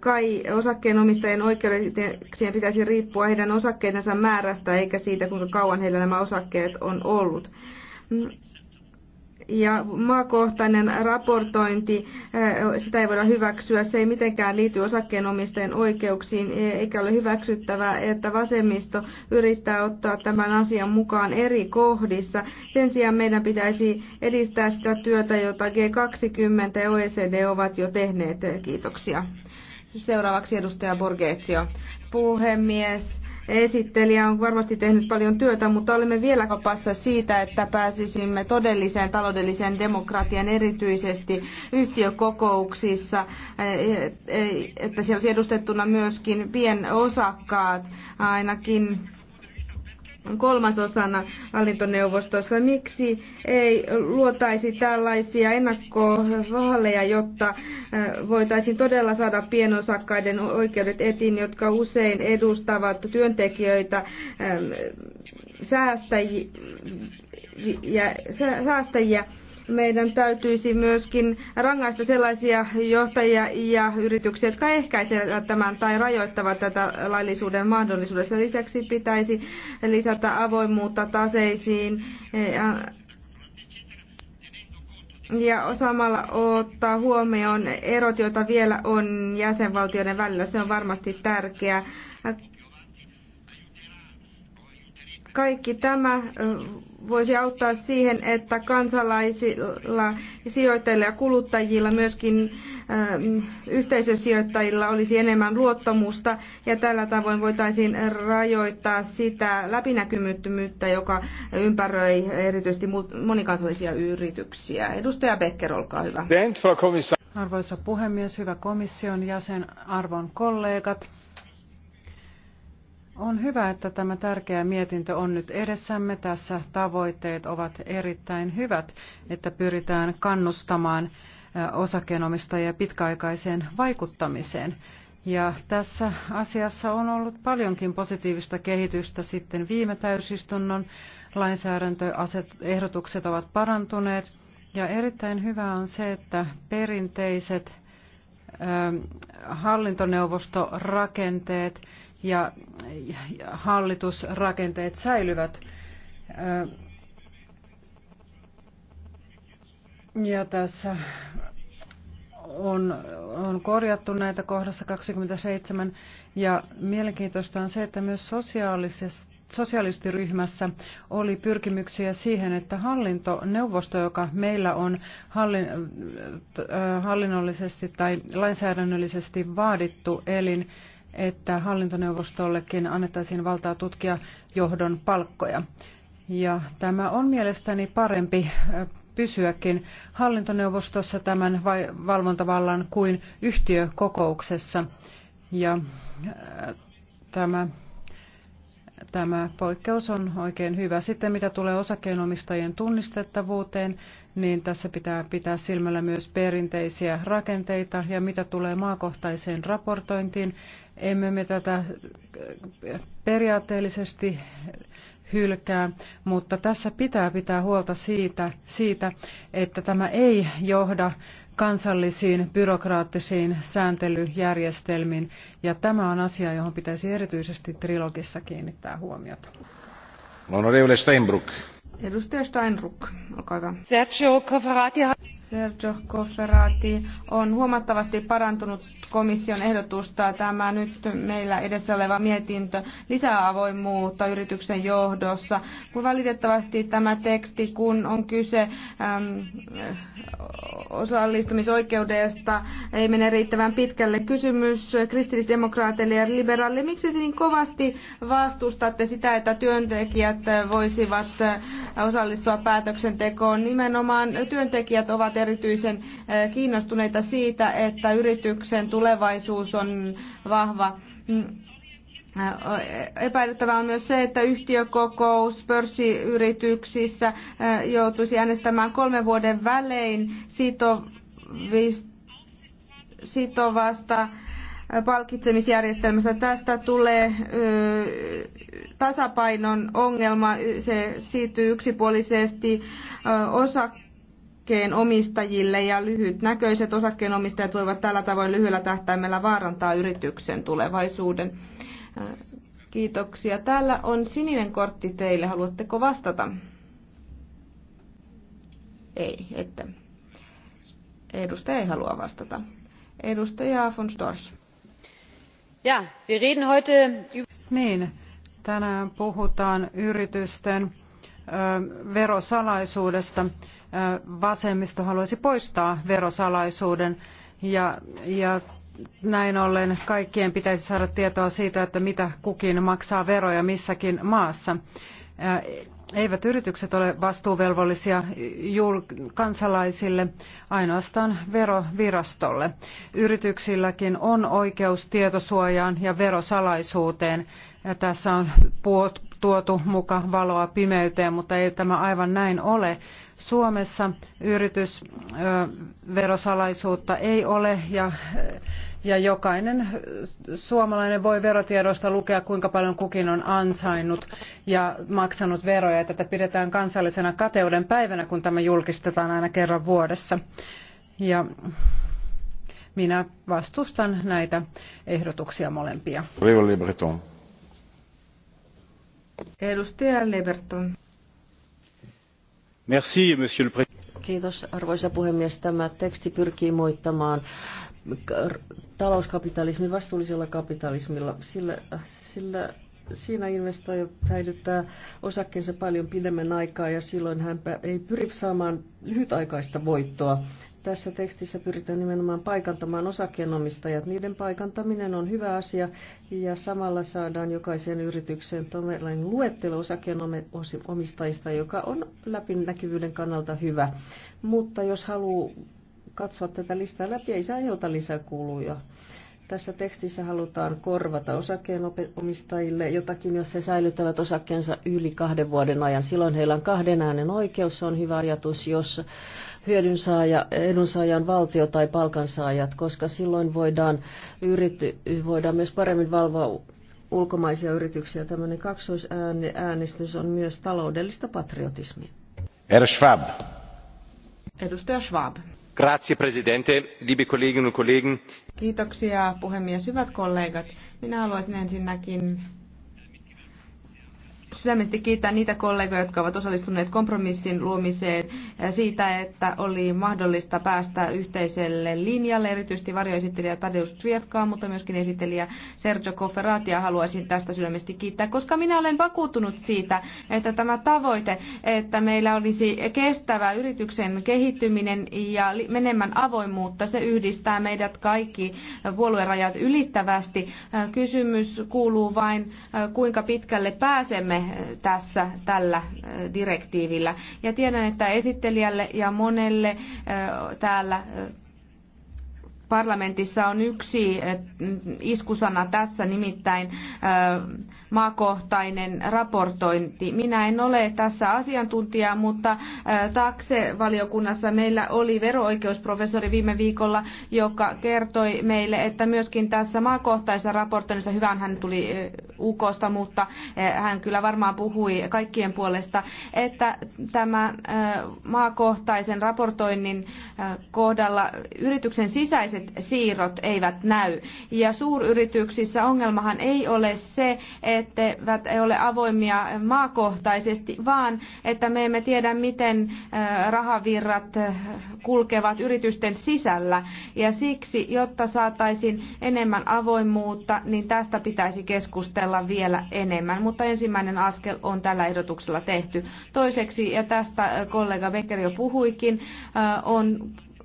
Kai osakkeenomistajien oikeuksien pitäisi riippua heidän osakkeidensa määrästä eikä siitä, kuinka kauan heillä nämä osakkeet on ollut ja maakohtainen raportointi, eh, sitä ei voida hyväksyä. Se ei mitenkään liity osakkeenomistajien oikeuksiin, eh, eikä ole hyväksyttävää, että vasemmisto yrittää ottaa tämän asian mukaan eri kohdissa. Sen sijaan meidän pitäisi edistää sitä työtä, jota G20 ja OECD ovat jo tehneet. Kiitoksia. Seuraavaksi edustaja Borgetio. Puhemies Esittelijä on varmasti tehnyt paljon työtä, mutta olemme vielä kapassa siitä, että pääsisimme todelliseen taloudelliseen demokratian erityisesti yhtiökokouksissa, eh, eh, että siellä olisi edustettuna myöskin pienosakkaat, ainakin kolmasosana hallintoneuvostossa. Miksi ei luotaisi tällaisia ennakkovaaleja, jotta äh, voitaisiin todella saada pienosakkaiden oikeudet etiin, jotka usein edustavat työntekijöitä ähm, säästäjiä, säästäjiä meidän täytyisi myöskin rangaista sellaisia johtajia ja yrityksiä, jotka ehkäisevät tämän tai rajoittavat tätä laillisuuden mahdollisuudessa. Lisäksi pitäisi lisätä avoimuutta taseisiin ja samalla ottaa huomioon erot, joita vielä on jäsenvaltioiden välillä. Se on varmasti tärkeää. Kaikki tämä voisi auttaa siihen, että kansalaisilla, sijoittajilla ja kuluttajilla, myöskin ähm, yhteisösijoittajilla olisi enemmän luottamusta ja tällä tavoin voitaisiin rajoittaa sitä läpinäkymättömyyttä, joka ympäröi erityisesti monikansallisia yrityksiä. Edustaja Becker, olkaa hyvä. Arvoisa puhemies, hyvä komission jäsen, arvon kollegat. On hyvä, että tämä tärkeä mietintö on nyt edessämme. Tässä tavoitteet ovat erittäin hyvät, että pyritään kannustamaan osakkeenomistajia pitkäaikaiseen vaikuttamiseen. Ja tässä asiassa on ollut paljonkin positiivista kehitystä sitten viime täysistunnon. Lainsäädäntöehdotukset ovat parantuneet. Ja erittäin hyvä on se, että perinteiset hallintoneuvostorakenteet rakenteet ja hallitusrakenteet säilyvät. Ja tässä on, on korjattu näitä kohdassa 27 ja mielenkiintoista on se, että myös sosiaalisesta sosialistiryhmässä oli pyrkimyksiä siihen, että hallintoneuvosto, joka meillä on hallin, hallinnollisesti tai lainsäädännöllisesti vaadittu elin, että hallintoneuvostollekin annettaisiin valtaa tutkia johdon palkkoja. Ja tämä on mielestäni parempi pysyäkin hallintoneuvostossa tämän valvontavallan kuin yhtiökokouksessa. Ja tämä, tämä poikkeus on oikein hyvä. Sitten mitä tulee osakkeenomistajien tunnistettavuuteen, niin tässä pitää pitää silmällä myös perinteisiä rakenteita ja mitä tulee maakohtaiseen raportointiin, emme me tätä periaatteellisesti hylkää, mutta tässä pitää pitää huolta siitä, siitä että tämä ei johda kansallisiin byrokraattisiin sääntelyjärjestelmiin, ja tämä on asia, johon pitäisi erityisesti trilogissa kiinnittää huomiota. Honorable Steinbrück. Edustaja Steinruck, olkaa hyvä. Sergio Cofferati. Sergio Cofferati on huomattavasti parantunut komission ehdotusta. Tämä nyt meillä edessä oleva mietintö lisää avoimuutta yrityksen johdossa. Kun valitettavasti tämä teksti, kun on kyse äm, osallistumisoikeudesta, ei mene riittävän pitkälle. Kysymys kristillisdemokraateille ja liberaalille. Miksi te niin kovasti vastustatte sitä, että työntekijät voisivat osallistua päätöksentekoon. Nimenomaan työntekijät ovat erityisen eh, kiinnostuneita siitä, että yrityksen tulevaisuus on vahva. Mm, eh, epäilyttävää on myös se, että yhtiökokous pörssiyrityksissä eh, joutuisi äänestämään kolmen vuoden välein sitovista, sitovasta palkitsemisjärjestelmästä. Tästä tulee tasapainon ongelma. Se siirtyy yksipuolisesti osakkeen omistajille ja lyhytnäköiset osakkeenomistajat voivat tällä tavoin lyhyellä tähtäimellä vaarantaa yrityksen tulevaisuuden. Kiitoksia. Täällä on sininen kortti teille. Haluatteko vastata? Ei, että edustaja ei halua vastata. Edustaja von Storch wir reden heute... Niin, tänään puhutaan yritysten verosalaisuudesta. Vasemmisto haluaisi poistaa verosalaisuuden ja, ja näin ollen kaikkien pitäisi saada tietoa siitä, että mitä kukin maksaa veroja missäkin maassa. Eivät yritykset ole vastuuvelvollisia kansalaisille, ainoastaan verovirastolle. Yrityksilläkin on oikeus tietosuojaan ja verosalaisuuteen. Ja tässä on tuotu muka valoa pimeyteen, mutta ei tämä aivan näin ole. Suomessa yritysverosalaisuutta ei ole ja ja jokainen suomalainen voi verotiedoista lukea, kuinka paljon kukin on ansainnut ja maksanut veroja. Tätä pidetään kansallisena kateuden päivänä, kun tämä julkistetaan aina kerran vuodessa. Ja minä vastustan näitä ehdotuksia molempia. Edustaja Liberton. Merci, monsieur le Kiitos, arvoisa puhemies. Tämä teksti pyrkii moittamaan talouskapitalismi vastuullisella kapitalismilla. Sillä, sillä siinä investoija säilyttää osakkeensa paljon pidemmän aikaa ja silloin hän ei pyri saamaan lyhytaikaista voittoa. Tässä tekstissä pyritään nimenomaan paikantamaan osakkeenomistajat. Niiden paikantaminen on hyvä asia ja samalla saadaan jokaiseen yritykseen tällainen luettelo osakkeenomistajista, joka on läpinäkyvyyden kannalta hyvä. Mutta jos haluaa katsoa tätä listaa läpi, ei se aiheuta lisäkuluja. Tässä tekstissä halutaan korvata osakkeenomistajille jotakin, jos he säilyttävät osakkeensa yli kahden vuoden ajan. Silloin heillä on kahden äänen oikeus. Se on hyvä ajatus, jos hyödynsaaja, edunsaajan valtio tai palkansaajat, koska silloin voidaan, yrity, voidaan myös paremmin valvoa ulkomaisia yrityksiä. Tämmöinen kaksoisäänestys on myös taloudellista patriotismia. Herr Schwab. Edustaja Schwab. Grazie Kiitoksia puhemies, hyvät kollegat. Minä haluaisin ensinnäkin sydämesti kiittää niitä kollegoja, jotka ovat osallistuneet kompromissin luomiseen eh, siitä, että oli mahdollista päästä yhteiselle linjalle, erityisesti varjoesittelijä Tadeusz Trievkaa, mutta myöskin esittelijä Sergio Kofferatia haluaisin tästä sydämesti kiittää, koska minä olen vakuuttunut siitä, että tämä tavoite, että meillä olisi kestävä yrityksen kehittyminen ja menemään avoimuutta, se yhdistää meidät kaikki puoluerajat ylittävästi. Eh, kysymys kuuluu vain, eh, kuinka pitkälle pääsemme tässä tällä direktiivillä. Ja tiedän, että esittelijälle ja monelle täällä parlamentissa on yksi iskusana tässä, nimittäin maakohtainen raportointi. Minä en ole tässä asiantuntija, mutta äh, taksevaliokunnassa meillä oli vero-oikeusprofessori viime viikolla, joka kertoi meille, että myöskin tässä maakohtaisessa raportoinnissa, hyvän hän tuli äh, UKsta, mutta äh, hän kyllä varmaan puhui kaikkien puolesta, että tämä maakohtaisen raportoinnin kohdalla yrityksen sisäiset siirrot eivät näy. Ja suuryrityksissä ongelmahan ei ole se, että etteivät ole avoimia maakohtaisesti, vaan että me emme tiedä, miten rahavirrat kulkevat yritysten sisällä. Ja siksi, jotta saataisiin enemmän avoimuutta, niin tästä pitäisi keskustella vielä enemmän. Mutta ensimmäinen askel on tällä ehdotuksella tehty. Toiseksi, ja tästä kollega Becker jo puhuikin, on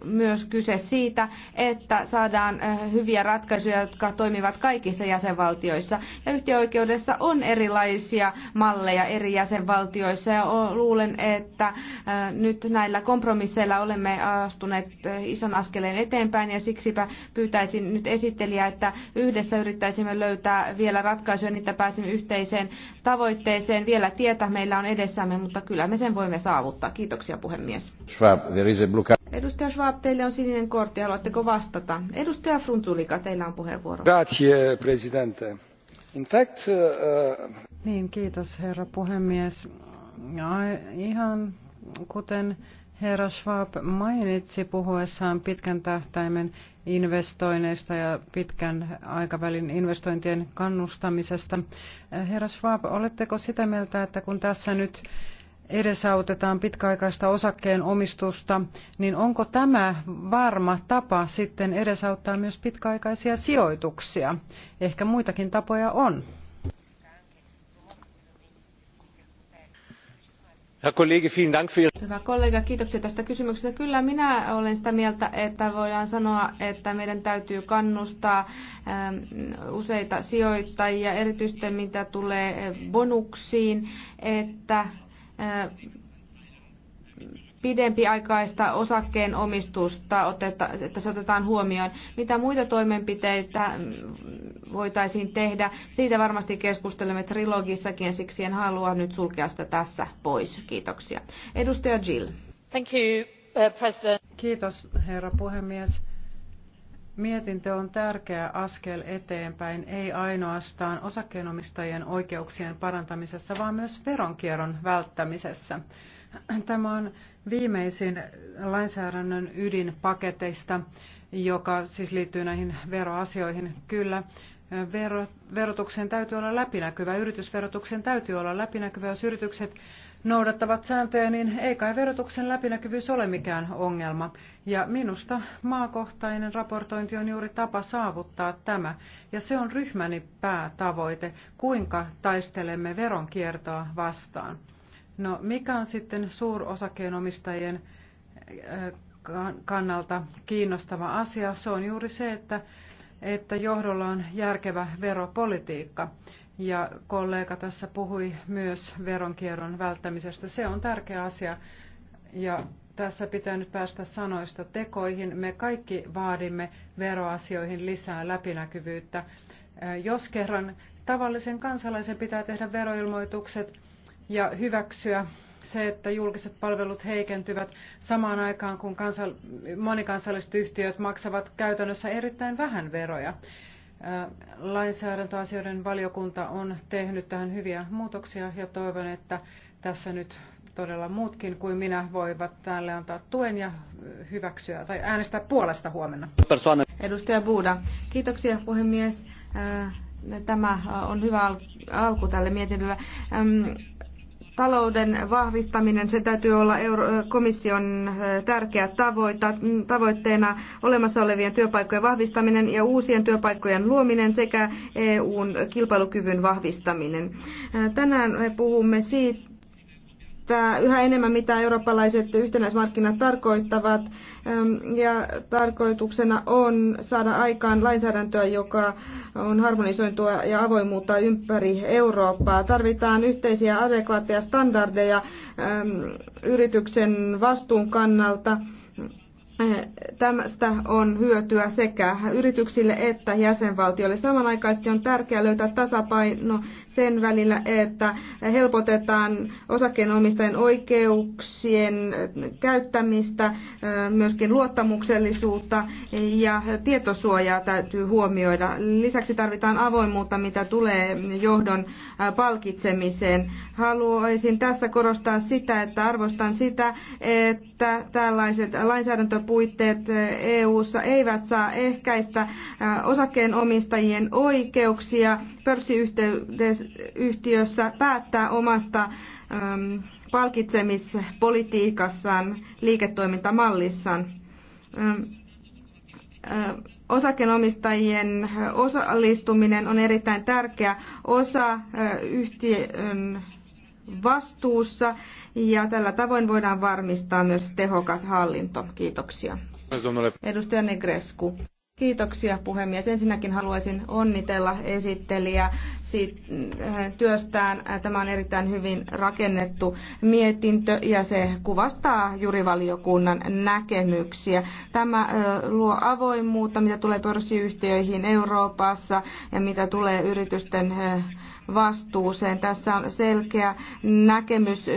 myös kyse siitä, että saadaan eh, hyviä ratkaisuja, jotka toimivat kaikissa jäsenvaltioissa. Ja yhtiöoikeudessa on erilaisia malleja eri jäsenvaltioissa ja luulen, että eh, nyt näillä kompromisseilla olemme astuneet eh, ison askeleen eteenpäin ja siksipä pyytäisin nyt esittelijää, että yhdessä yrittäisimme löytää vielä ratkaisuja, niitä pääsimme yhteiseen tavoitteeseen. Vielä tietä meillä on edessämme, mutta kyllä me sen voimme saavuttaa. Kiitoksia puhemies. Schwab, there is a blue... Edustaja Schwab, Schwab, teille on sininen kortti. Haluatteko vastata? Edustaja Fruntulika, teillä on puheenvuoro. Grazie, presidente. In fact, uh... uh niin, kiitos herra puhemies. Ihan kuten herra Schwab mainitsi puhuessaan pitkän tähtäimen investoinneista ja pitkän aikavälin investointien kannustamisesta. Herra Schwab, oletteko sitä mieltä, että kun tässä nyt edesautetaan pitkäaikaista osakkeen omistusta, niin onko tämä varma tapa sitten edesauttaa myös pitkäaikaisia sijoituksia? Ehkä muitakin tapoja on. Hyvä kollega, kiitoksia tästä kysymyksestä. Kyllä minä olen sitä mieltä, että voidaan sanoa, että meidän täytyy kannustaa ähm, useita sijoittajia, erityisesti mitä tulee bonuksiin, että pidempiaikaista osakkeen omistusta, että se otetaan huomioon. Mitä muita toimenpiteitä voitaisiin tehdä? Siitä varmasti keskustelemme trilogissakin ja siksi en halua nyt sulkea sitä tässä pois. Kiitoksia. Edustaja Jill. Thank you, uh, president. Kiitos, herra puhemies. Mietintö on tärkeä askel eteenpäin, ei ainoastaan osakkeenomistajien oikeuksien parantamisessa, vaan myös veronkierron välttämisessä. Tämä on viimeisin lainsäädännön ydinpaketeista, joka siis liittyy näihin veroasioihin. Kyllä, verotuksen täytyy olla läpinäkyvä, yritysverotuksen täytyy olla läpinäkyvä, jos yritykset noudattavat sääntöjä, niin ei kai verotuksen läpinäkyvyys ole mikään ongelma. Ja minusta maakohtainen raportointi on juuri tapa saavuttaa tämä. Ja se on ryhmäni päätavoite, kuinka taistelemme veronkiertoa vastaan. No mikä on sitten suurosakeenomistajien äh, kannalta kiinnostava asia? Se on juuri se, että, että johdolla on järkevä veropolitiikka. Ja kollega tässä puhui myös veronkierron välttämisestä. Se on tärkeä asia ja tässä pitää nyt päästä sanoista tekoihin. Me kaikki vaadimme veroasioihin lisää läpinäkyvyyttä. Jos kerran tavallisen kansalaisen pitää tehdä veroilmoitukset ja hyväksyä se, että julkiset palvelut heikentyvät samaan aikaan, kun kansal- monikansalliset yhtiöt maksavat käytännössä erittäin vähän veroja. Lainsäädäntöasioiden valiokunta on tehnyt tähän hyviä muutoksia ja toivon, että tässä nyt todella muutkin kuin minä voivat tälle antaa tuen ja hyväksyä tai äänestää puolesta huomenna. Edustaja Buuda, kiitoksia puhemies. Tämä on hyvä alku tälle mietinnölle. Talouden vahvistaminen, se täytyy olla Euro- komission tärkeä tavoite, mm, tavoitteena olemassa olevien työpaikkojen vahvistaminen ja uusien työpaikkojen luominen sekä EUn kilpailukyvyn vahvistaminen. Tänään me puhumme siitä, tietää yhä enemmän, mitä eurooppalaiset yhtenäismarkkinat tarkoittavat. Ähm, ja tarkoituksena on saada aikaan lainsäädäntöä, joka on harmonisointua ja avoimuutta ympäri Eurooppaa. Tarvitaan yhteisiä adekvaatteja standardeja ähm, yrityksen vastuun kannalta. Äh, tästä on hyötyä sekä yrityksille että jäsenvaltioille. Samanaikaisesti on tärkeää löytää tasapaino sen välillä, että helpotetaan osakkeenomistajien oikeuksien käyttämistä, myöskin luottamuksellisuutta ja tietosuojaa täytyy huomioida. Lisäksi tarvitaan avoimuutta, mitä tulee johdon palkitsemiseen. Haluaisin tässä korostaa sitä, että arvostan sitä, että tällaiset lainsäädäntöpuitteet EU-ssa eivät saa ehkäistä osakkeenomistajien oikeuksia pörssiyhteydessä yhtiössä päättää omasta ähm, palkitsemispolitiikassaan, liiketoimintamallissaan. Ähm, äh, Osakenomistajien osallistuminen on erittäin tärkeä osa äh, yhtiön vastuussa ja tällä tavoin voidaan varmistaa myös tehokas hallinto. Kiitoksia. Edustaja Negrescu. Kiitoksia puhemies. Ensinnäkin haluaisin onnitella esittelijä, äh, työstään. Tämä on erittäin hyvin rakennettu mietintö ja se kuvastaa jurivaliokunnan näkemyksiä. Tämä äh, luo avoimuutta, mitä tulee pörssiyhtiöihin Euroopassa ja mitä tulee yritysten äh, vastuuseen. Tässä on selkeä näkemys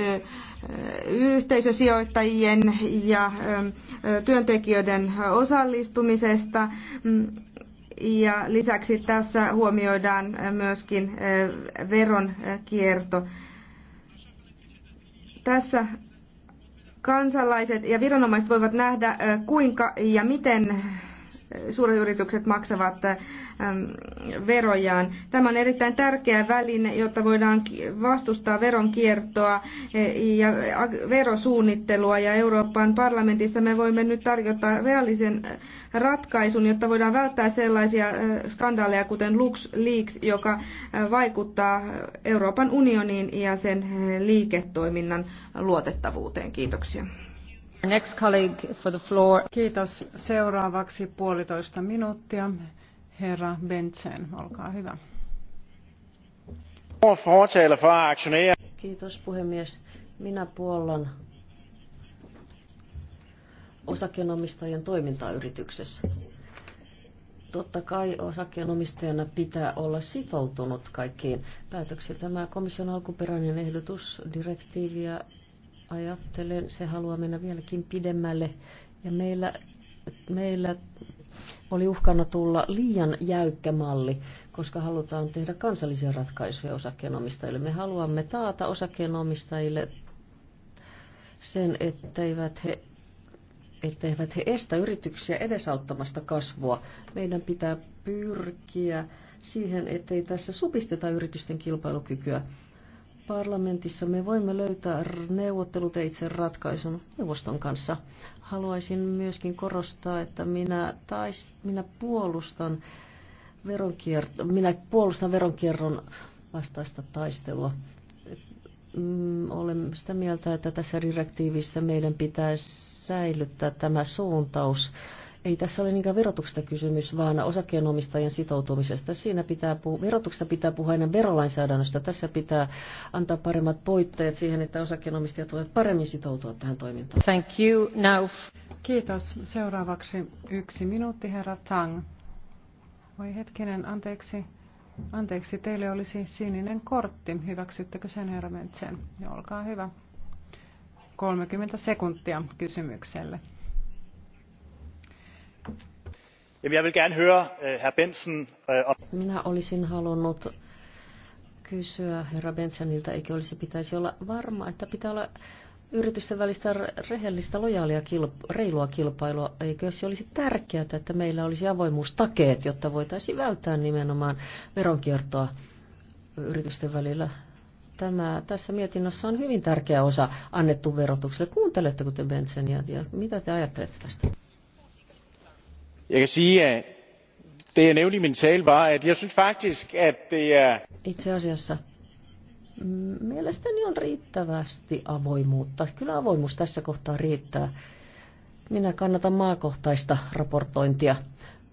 yhteisösijoittajien ja ähm, työntekijöiden osallistumisesta. Mm, ja lisäksi tässä huomioidaan äh, myöskin äh, veronkierto. Tässä kansalaiset ja viranomaiset voivat nähdä, äh, kuinka ja miten suuret yritykset maksavat ähm, verojaan. Tämä on erittäin tärkeä väline, jotta voidaan vastustaa veronkiertoa e, ja verosuunnittelua. Ja Euroopan parlamentissa me voimme nyt tarjota reaalisen äh, ratkaisun, jotta voidaan välttää sellaisia äh, skandaaleja kuten LuxLeaks, joka äh, vaikuttaa Euroopan unioniin ja sen liiketoiminnan luotettavuuteen. Kiitoksia. Next colleague for the floor. Kiitos. Seuraavaksi puolitoista minuuttia. Herra Bentsen, olkaa hyvä. Kiitos puhemies. Minä puollan osakkeenomistajien toimintayrityksessä Totta kai osakkeenomistajana pitää olla sitoutunut kaikkiin päätöksiin. Tämä komission alkuperäinen ehdotus direktiiviä ajattelen, se haluaa mennä vieläkin pidemmälle. Ja meillä, meillä oli uhkana tulla liian jäykkä malli, koska halutaan tehdä kansallisia ratkaisuja osakkeenomistajille. Me haluamme taata osakkeenomistajille sen, etteivät he etteivät he estä yrityksiä edesauttamasta kasvua. Meidän pitää pyrkiä siihen, ettei tässä supisteta yritysten kilpailukykyä parlamentissa me voimme löytää neuvotteluteitse ratkaisun neuvoston kanssa. Haluaisin myöskin korostaa, että minä, taist, minä, puolustan, veronkier minä puolustan veronkierron vastaista taistelua. Mm, Olemme sitä mieltä, että tässä direktiivissä meidän pitäisi säilyttää tämä suuntaus ei tässä ole niinkään verotuksesta kysymys, vaan osakkeenomistajien sitoutumisesta. Siinä pitää puhua, verotuksesta pitää puhua ennen verolainsäädännöstä. Tässä pitää antaa paremmat poitteet siihen, että osakkeenomistajat voivat paremmin sitoutua tähän toimintaan. Thank you. Now. Kiitos. Seuraavaksi yksi minuutti, herra Tang. Voi hetkinen, anteeksi. Anteeksi, teille olisi sininen kortti. Hyväksyttekö sen, herra Mentsen? Olkaa hyvä. 30 sekuntia kysymykselle. Øh, øh, Minä olisin halunnut kysyä herra Bensonilta, eikö olisi pitäisi olla varma, että pitää olla yritysten välistä rehellistä, lojaalia, kilp- reilua kilpailua. Eikö se olisi tärkeää, että meillä olisi avoimuustakeet, jotta voitaisiin välttää nimenomaan veronkiertoa yritysten välillä? Tämä, tässä mietinnössä on hyvin tärkeä osa annettu verotukselle. Kuunteletteko te Bensenia ja mitä te ajattelette tästä? Jeg kan sige, at det jeg nævnte i min tale var, at jeg synes faktisk, at det er... Itse asiassa mielestäni on riittävästi avoimuutta. Kyllä avoimuus tässä kohtaa riittää. Minä kannatan maakohtaista raportointia,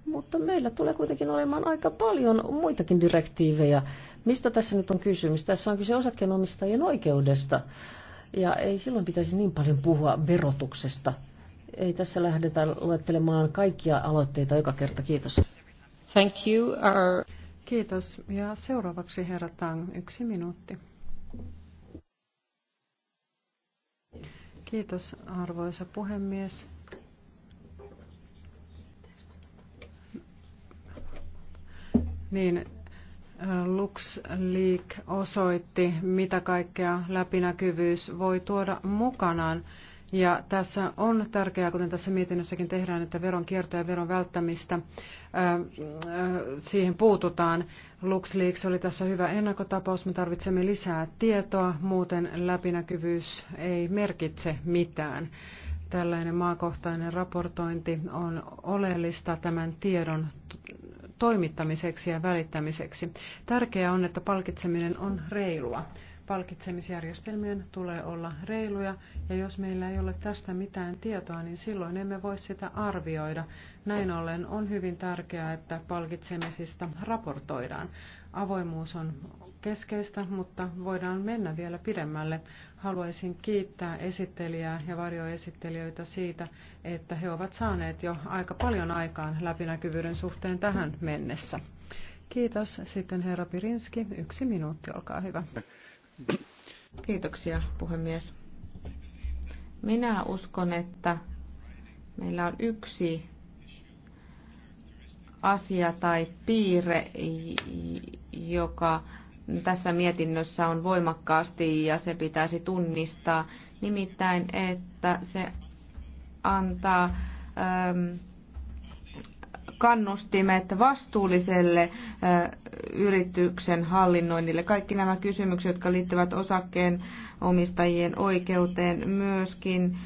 mutta meillä tulee kuitenkin olemaan aika paljon muitakin direktiivejä. Mistä tässä nyt on kysymys? Tässä on kyse osakkeenomistajien oikeudesta. Ja ei silloin pitäisi niin paljon puhua verotuksesta. Ei tässä lähdetä luettelemaan kaikkia aloitteita joka kerta. Kiitos. Thank you. Our... Kiitos. Ja seuraavaksi herra Tang, yksi minuutti. Kiitos, arvoisa puhemies. Niin, Lux League osoitti, mitä kaikkea läpinäkyvyys voi tuoda mukanaan. Ja tässä on tärkeää, kuten tässä mietinnössäkin tehdään, että veron kiertoa ja veron välttämistä siihen puututaan. LuxLeaks oli tässä hyvä ennakkotapaus. Me tarvitsemme lisää tietoa, muuten läpinäkyvyys ei merkitse mitään. Tällainen maakohtainen raportointi on oleellista tämän tiedon toimittamiseksi ja välittämiseksi. Tärkeää on, että palkitseminen on reilua. Palkitsemisjärjestelmien tulee olla reiluja ja jos meillä ei ole tästä mitään tietoa, niin silloin emme voi sitä arvioida. Näin ollen on hyvin tärkeää, että palkitsemisista raportoidaan. Avoimuus on keskeistä, mutta voidaan mennä vielä pidemmälle. Haluaisin kiittää esittelijää ja varjoesittelijöitä siitä, että he ovat saaneet jo aika paljon aikaan läpinäkyvyyden suhteen tähän mennessä. Kiitos. Sitten herra Pirinski, yksi minuutti, olkaa hyvä. Kiitoksia, puhemies. Minä uskon, että meillä on yksi asia tai piirre, joka tässä mietinnössä on voimakkaasti ja se pitäisi tunnistaa. Nimittäin, että se antaa ähm, kannustimet vastuulliselle yrityksen hallinnoinnille. Kaikki nämä kysymykset, jotka liittyvät osakkeen omistajien oikeuteen, myöskin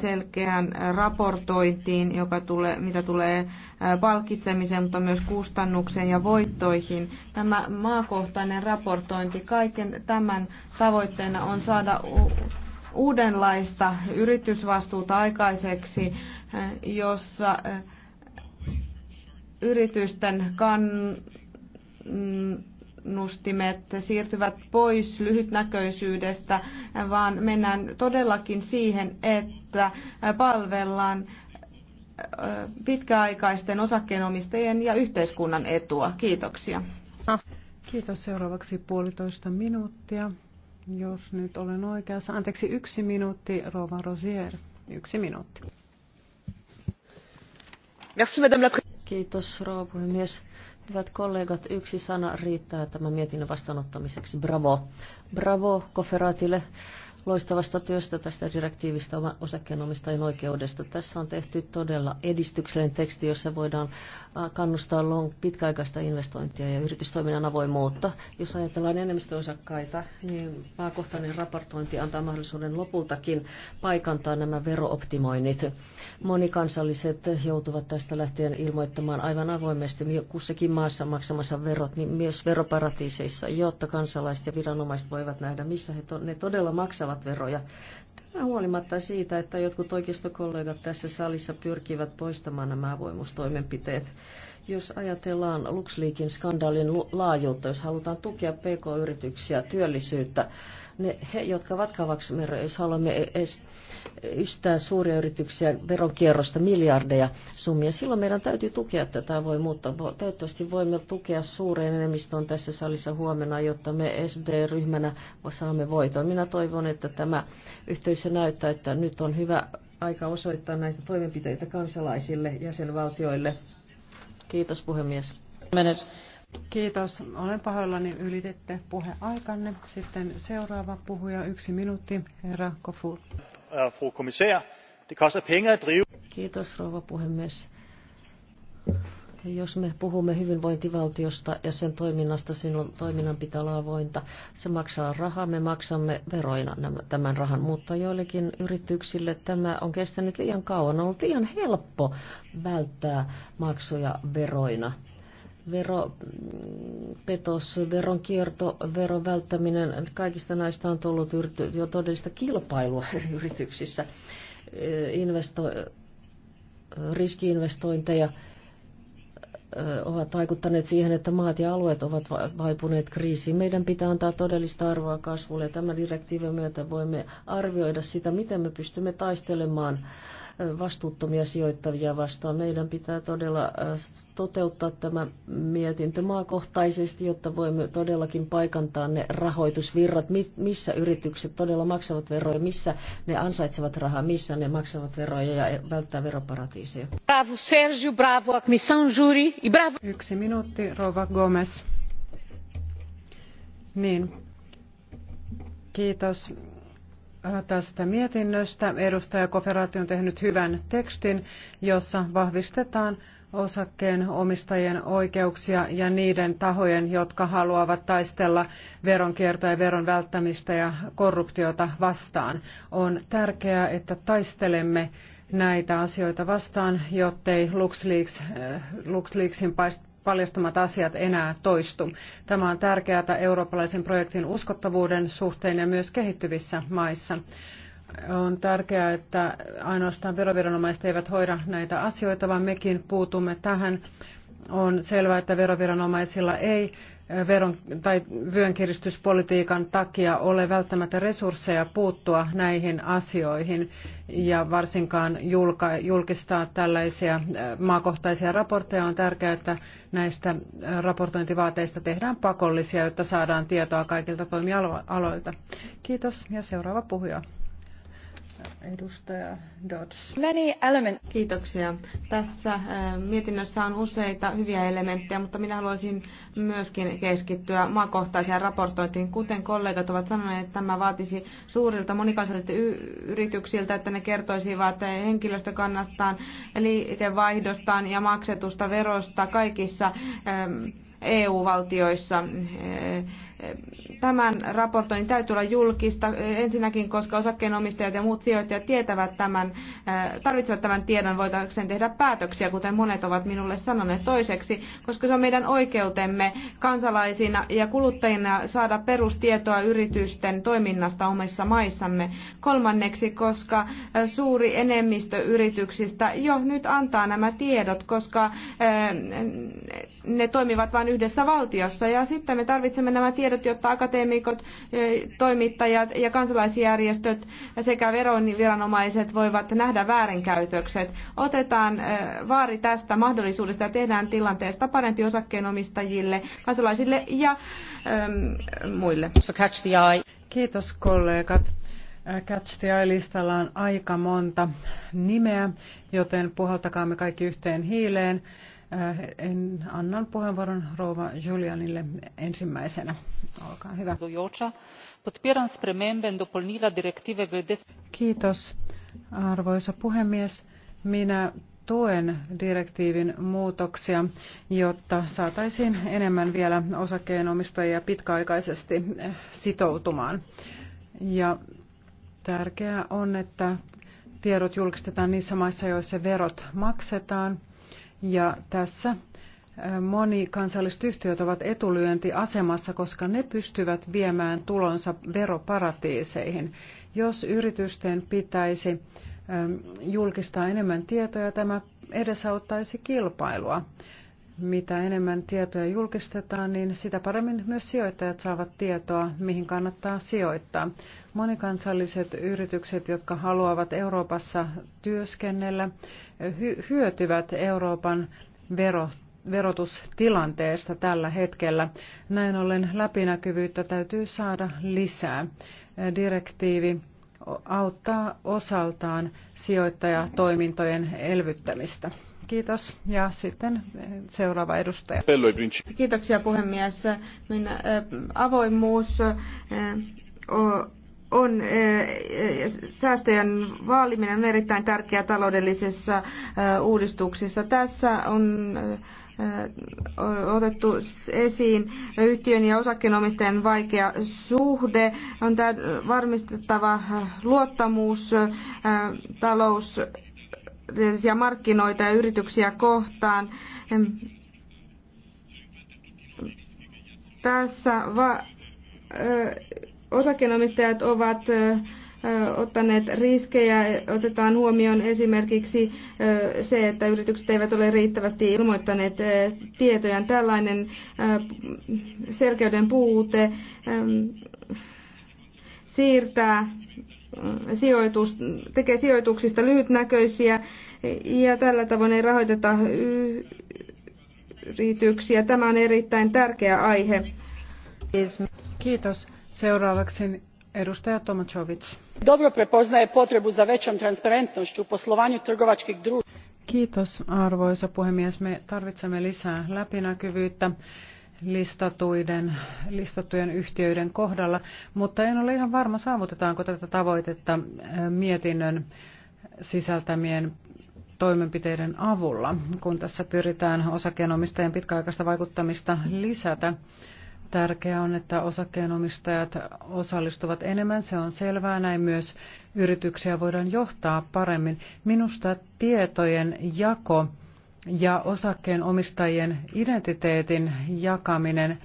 selkeään raportointiin, joka tulee, mitä tulee palkitsemiseen, mutta myös kustannukseen ja voittoihin. Tämä maakohtainen raportointi, kaiken tämän tavoitteena on saada uudenlaista yritysvastuuta aikaiseksi, jossa yritysten kannustimet siirtyvät pois lyhytnäköisyydestä, vaan mennään todellakin siihen, että palvellaan pitkäaikaisten osakkeenomistajien ja yhteiskunnan etua. Kiitoksia. Kiitos. Seuraavaksi puolitoista minuuttia. Jos nyt olen oikeassa. Anteeksi, yksi minuutti, Rova Rosier. Yksi minuutti. Merci, madame la Kiitos, rouva puhemies. Hyvät kollegat, yksi sana riittää tämän mietinnön vastaanottamiseksi. Bravo. Bravo Koferaatille loistavasta työstä tästä direktiivistä osakkeenomistajien oikeudesta. Tässä on tehty todella edistyksellinen teksti, jossa voidaan kannustaa long, pitkäaikaista investointia ja yritystoiminnan avoimuutta. Jos ajatellaan enemmistöosakkaita, niin maakohtainen raportointi antaa mahdollisuuden lopultakin paikantaa nämä verooptimoinnit. Monikansalliset joutuvat tästä lähtien ilmoittamaan aivan avoimesti kussakin maassa maksamassa verot, niin myös veroparatiiseissa, jotta kansalaiset ja viranomaiset voivat nähdä, missä he to- ne todella maksavat maksavat veroja. Tämä huolimatta siitä, että jotkut oikeistokollegat tässä salissa pyrkivät poistamaan nämä avoimuustoimenpiteet. Jos ajatellaan LuxLeakin skandaalin laajuutta, jos halutaan tukea pk-yrityksiä, työllisyyttä, ne, he, jotka ovat kavaksimeroja, jos haluamme e, ystää suuria yrityksiä veronkierrosta miljardeja summia, silloin meidän täytyy tukea tätä voi mutta Toivottavasti voimme tukea suureen enemmistöön tässä salissa huomenna, jotta me SD-ryhmänä saamme voiton. Minä toivon, että tämä yhteisö näyttää, että nyt on hyvä aika osoittaa näistä toimenpiteitä kansalaisille, jäsenvaltioille. Kiitos puhemies. Minutes. Kiitos. Olen pahoillani, ylitette puheaikanne. Sitten seuraava puhuja, yksi minuutti, herra Kofur. Kiitos, rouva puhemies. Jos me puhumme hyvinvointivaltiosta ja sen toiminnasta, sinun toiminnan pitää olla avointa. Se maksaa rahaa, me maksamme veroina tämän rahan, mutta joillekin yrityksille tämä on kestänyt liian kauan. On ollut liian helppo välttää maksuja veroina veropetos, veronkierto, veron välttäminen, kaikista näistä on tullut jo todellista kilpailua yrityksissä, eh, Investo- riskiinvestointeja eh, ovat vaikuttaneet siihen, että maat ja alueet ovat vaipuneet kriisiin. Meidän pitää antaa todellista arvoa kasvulle ja tämän direktiivin myötä voimme arvioida sitä, miten me pystymme taistelemaan vastuuttomia sijoittavia vastaan. Meidän pitää todella äh, toteuttaa tämä mietintö maakohtaisesti, jotta voimme todellakin paikantaa ne rahoitusvirrat, missä yritykset todella maksavat veroja, missä ne ansaitsevat rahaa, missä ne maksavat veroja ja välttää veroparatiiseja. Bravo Sergio, bravo Akmisan Juri, bravo. Yksi minuutti, Rova Gomez. Niin, kiitos. Äh, tästä mietinnöstä. Edustaja Koferaati on tehnyt hyvän tekstin, jossa vahvistetaan osakkeen omistajien oikeuksia ja niiden tahojen, jotka haluavat taistella veronkiertoa ja veron välttämistä ja korruptiota vastaan. On tärkeää, että taistelemme näitä asioita vastaan, jottei äh, LuxLeaksin paljastamat asiat enää toistu. Tämä on tärkeää eurooppalaisen projektin uskottavuuden suhteen ja myös kehittyvissä maissa. On tärkeää, että ainoastaan veroviranomaiset eivät hoida näitä asioita, vaan mekin puutumme tähän. On selvää, että veroviranomaisilla ei veron tai vyönkiristyspolitiikan takia ole välttämättä resursseja puuttua näihin asioihin ja varsinkaan julka, julkistaa tällaisia äh, maakohtaisia raportteja. On tärkeää, että näistä raportointivaateista tehdään pakollisia, jotta saadaan tietoa kaikilta toimialoilta. Kiitos ja seuraava puhuja. Edustaja Dodds. Many elements. Kiitoksia. Tässä äh, mietinnössä on useita hyviä elementtejä, mutta minä haluaisin myöskin keskittyä maakohtaiseen raportointiin. Kuten kollegat ovat sanoneet, että tämä vaatisi suurilta monikansallisilta yrityksiltä, että ne kertoisivat henkilöstökannastaan, liikevaihdostaan ja maksetusta verosta kaikissa ähm, EU-valtioissa äh, tämän raportoinnin täytyy olla julkista ensinnäkin, koska osakkeenomistajat ja muut sijoittajat tietävät tämän, äh, tarvitsevat tämän tiedon voitakseen tehdä päätöksiä, kuten monet ovat minulle sanoneet toiseksi, koska se on meidän oikeutemme kansalaisina ja kuluttajina saada perustietoa yritysten toiminnasta omissa maissamme. Kolmanneksi, koska äh, suuri enemmistö yrityksistä jo nyt antaa nämä tiedot, koska äh, ne toimivat vain yhdessä valtiossa ja sitten me tarvitsemme nämä tiedot tiedot, jotta akateemikot, e, toimittajat ja kansalaisjärjestöt sekä veroviranomaiset voivat nähdä väärinkäytökset. Otetaan e, vaari tästä mahdollisuudesta ja tehdään tilanteesta parempi osakkeenomistajille, kansalaisille ja ähm, muille. Kiitos kollegat. Catch the Eye-listalla on aika monta nimeä, joten puhaltakaamme kaikki yhteen hiileen. Äh, en annan puheenvuoron Rova Julianille ensimmäisenä. Olkaa hyvä. Kiitos, arvoisa puhemies. Minä tuen direktiivin muutoksia, jotta saataisiin enemmän vielä osakkeenomistajia pitkäaikaisesti äh, sitoutumaan. Ja tärkeää on, että tiedot julkistetaan niissä maissa, joissa verot maksetaan – ja tässä Monikansalliset yhtiöt ovat etulyöntiasemassa, koska ne pystyvät viemään tulonsa veroparatiiseihin. Jos yritysten pitäisi julkistaa enemmän tietoja, tämä edesauttaisi kilpailua mitä enemmän tietoja julkistetaan, niin sitä paremmin myös sijoittajat saavat tietoa, mihin kannattaa sijoittaa. Monikansalliset yritykset, jotka haluavat Euroopassa työskennellä, hyötyvät Euroopan vero verotustilanteesta tällä hetkellä. Näin ollen läpinäkyvyyttä täytyy saada lisää. Direktiivi auttaa osaltaan sijoittajatoimintojen elvyttämistä. Kiitos. Ja sitten eh, seuraava edustaja. Kiitoksia puhemies. Minä, eh, avoimuus eh, on säästöjen vaaliminen on erittäin tärkeää taloudellisissa uudistuksissa. Tässä on otettu esiin yhtiön ja osakkeenomistajan vaikea suhde. On varmistettava luottamus talous markkinoita ja yrityksiä kohtaan. Tässä va- osakkeenomistajat ovat ottaneet riskejä. Otetaan huomioon esimerkiksi se, että yritykset eivät ole riittävästi ilmoittaneet tietoja. Tällainen selkeyden puute siirtää sijoitus, tekee sijoituksista lyhytnäköisiä ja tällä tavoin ei rahoiteta yrityksiä. Tämä on erittäin tärkeä aihe. Kiitos. Seuraavaksi edustaja Tomačović. Dobro prepoznaje potrebu za većom transparentnošću u poslovanju trgovačkih društva. Kiitos arvoisa puhemies. Me tarvitsemme lisää läpinäkyvyyttä listatuiden, listattujen yhtiöiden kohdalla, mutta en ole ihan varma, saavutetaanko tätä tavoitetta mietinnön sisältämien toimenpiteiden avulla, kun tässä pyritään osakkeenomistajien pitkäaikaista vaikuttamista lisätä. Tärkeää on, että osakkeenomistajat osallistuvat enemmän, se on selvää, näin myös yrityksiä voidaan johtaa paremmin. Minusta tietojen jako ja osakkeenomistajien identiteetin jakaminen,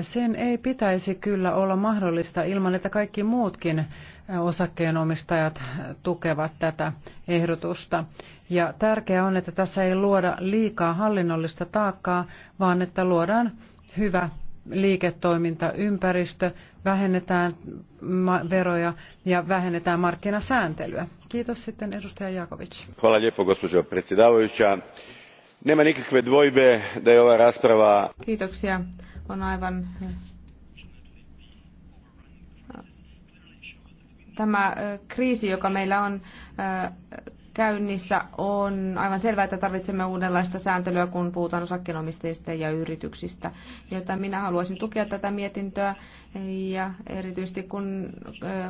sen ei pitäisi kyllä olla mahdollista ilman, että kaikki muutkin osakkeenomistajat tukevat tätä ehdotusta. Ja tärkeää on, että tässä ei luoda liikaa hallinnollista taakkaa, vaan että luodaan hyvä liiketoimintaympäristö, vähennetään veroja ja vähennetään markkinasääntelyä. Kiitos sitten edustaja Jakovic. Hvala lijepo, gospođo predsjedavajuća nema nikakve dvojbe da je ova rasprava Kiitoksia. aivan eh, Tämä eh, kriisi, joka meillä on, eh, käynnissä, on aivan selvää, että tarvitsemme uudenlaista sääntelyä, kun puhutaan osakkeenomistajista ja yrityksistä, joita minä haluaisin tukea tätä mietintöä ja erityisesti kun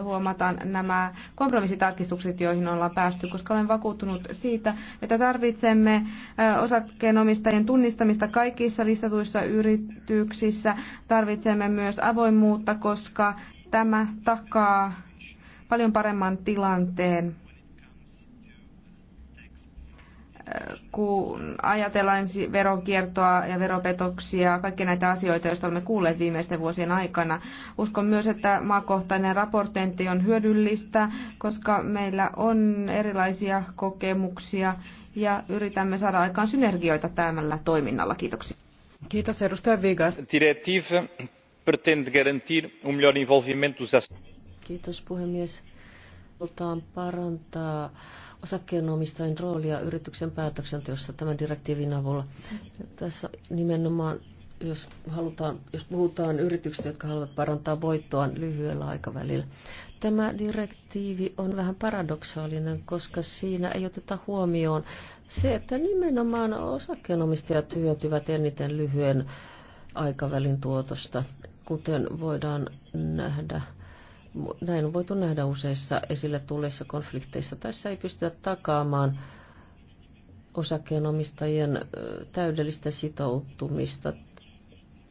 huomataan nämä kompromissitarkistukset, joihin ollaan päästy, koska olen vakuuttunut siitä, että tarvitsemme osakkeenomistajien tunnistamista kaikissa listatuissa yrityksissä, tarvitsemme myös avoimuutta, koska tämä takaa paljon paremman tilanteen kun ajatellaan veronkiertoa ja veropetoksia, kaikkia näitä asioita, joista olemme kuulleet viimeisten vuosien aikana. Uskon myös, että maakohtainen raportointi on hyödyllistä, koska meillä on erilaisia kokemuksia ja yritämme saada aikaan synergioita tämällä toiminnalla. Kiitoksia. Kiitos edustaja Vigas. Kiitos puhemies. Halutaan parantaa osakkeenomistajien roolia yrityksen päätöksenteossa tämän direktiivin avulla. Tässä nimenomaan, jos, halutaan, jos puhutaan yrityksistä, jotka haluavat parantaa voittoa lyhyellä aikavälillä. Tämä direktiivi on vähän paradoksaalinen, koska siinä ei oteta huomioon se, että nimenomaan osakkeenomistajat hyötyvät eniten lyhyen aikavälin tuotosta, kuten voidaan nähdä näin on voitu nähdä useissa esille tulleissa konflikteissa. Tässä ei pystytä takaamaan osakkeenomistajien täydellistä sitoutumista.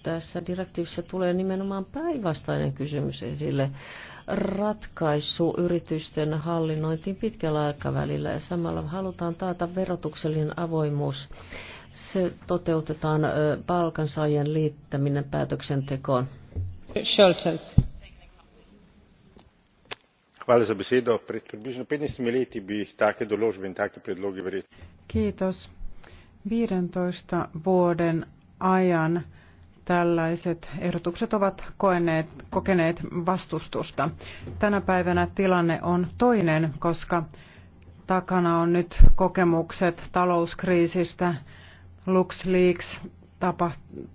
Tässä direktiivissä tulee nimenomaan päinvastainen kysymys esille. Ratkaisu yritysten hallinnointiin pitkällä aikavälillä ja samalla halutaan taata verotuksellinen avoimuus. Se toteutetaan palkansaajien liittäminen päätöksentekoon. Scholtes pred približno petnajstimi leti bi take določbe in taki predlogi verjetno. viidentoista vuoden ajan tällaiset ehdotukset ovat koeneet, kokeneet vastustusta. Tänä päivänä tilanne on toinen, koska takana on nyt kokemukset talouskriisistä, LuxLeaks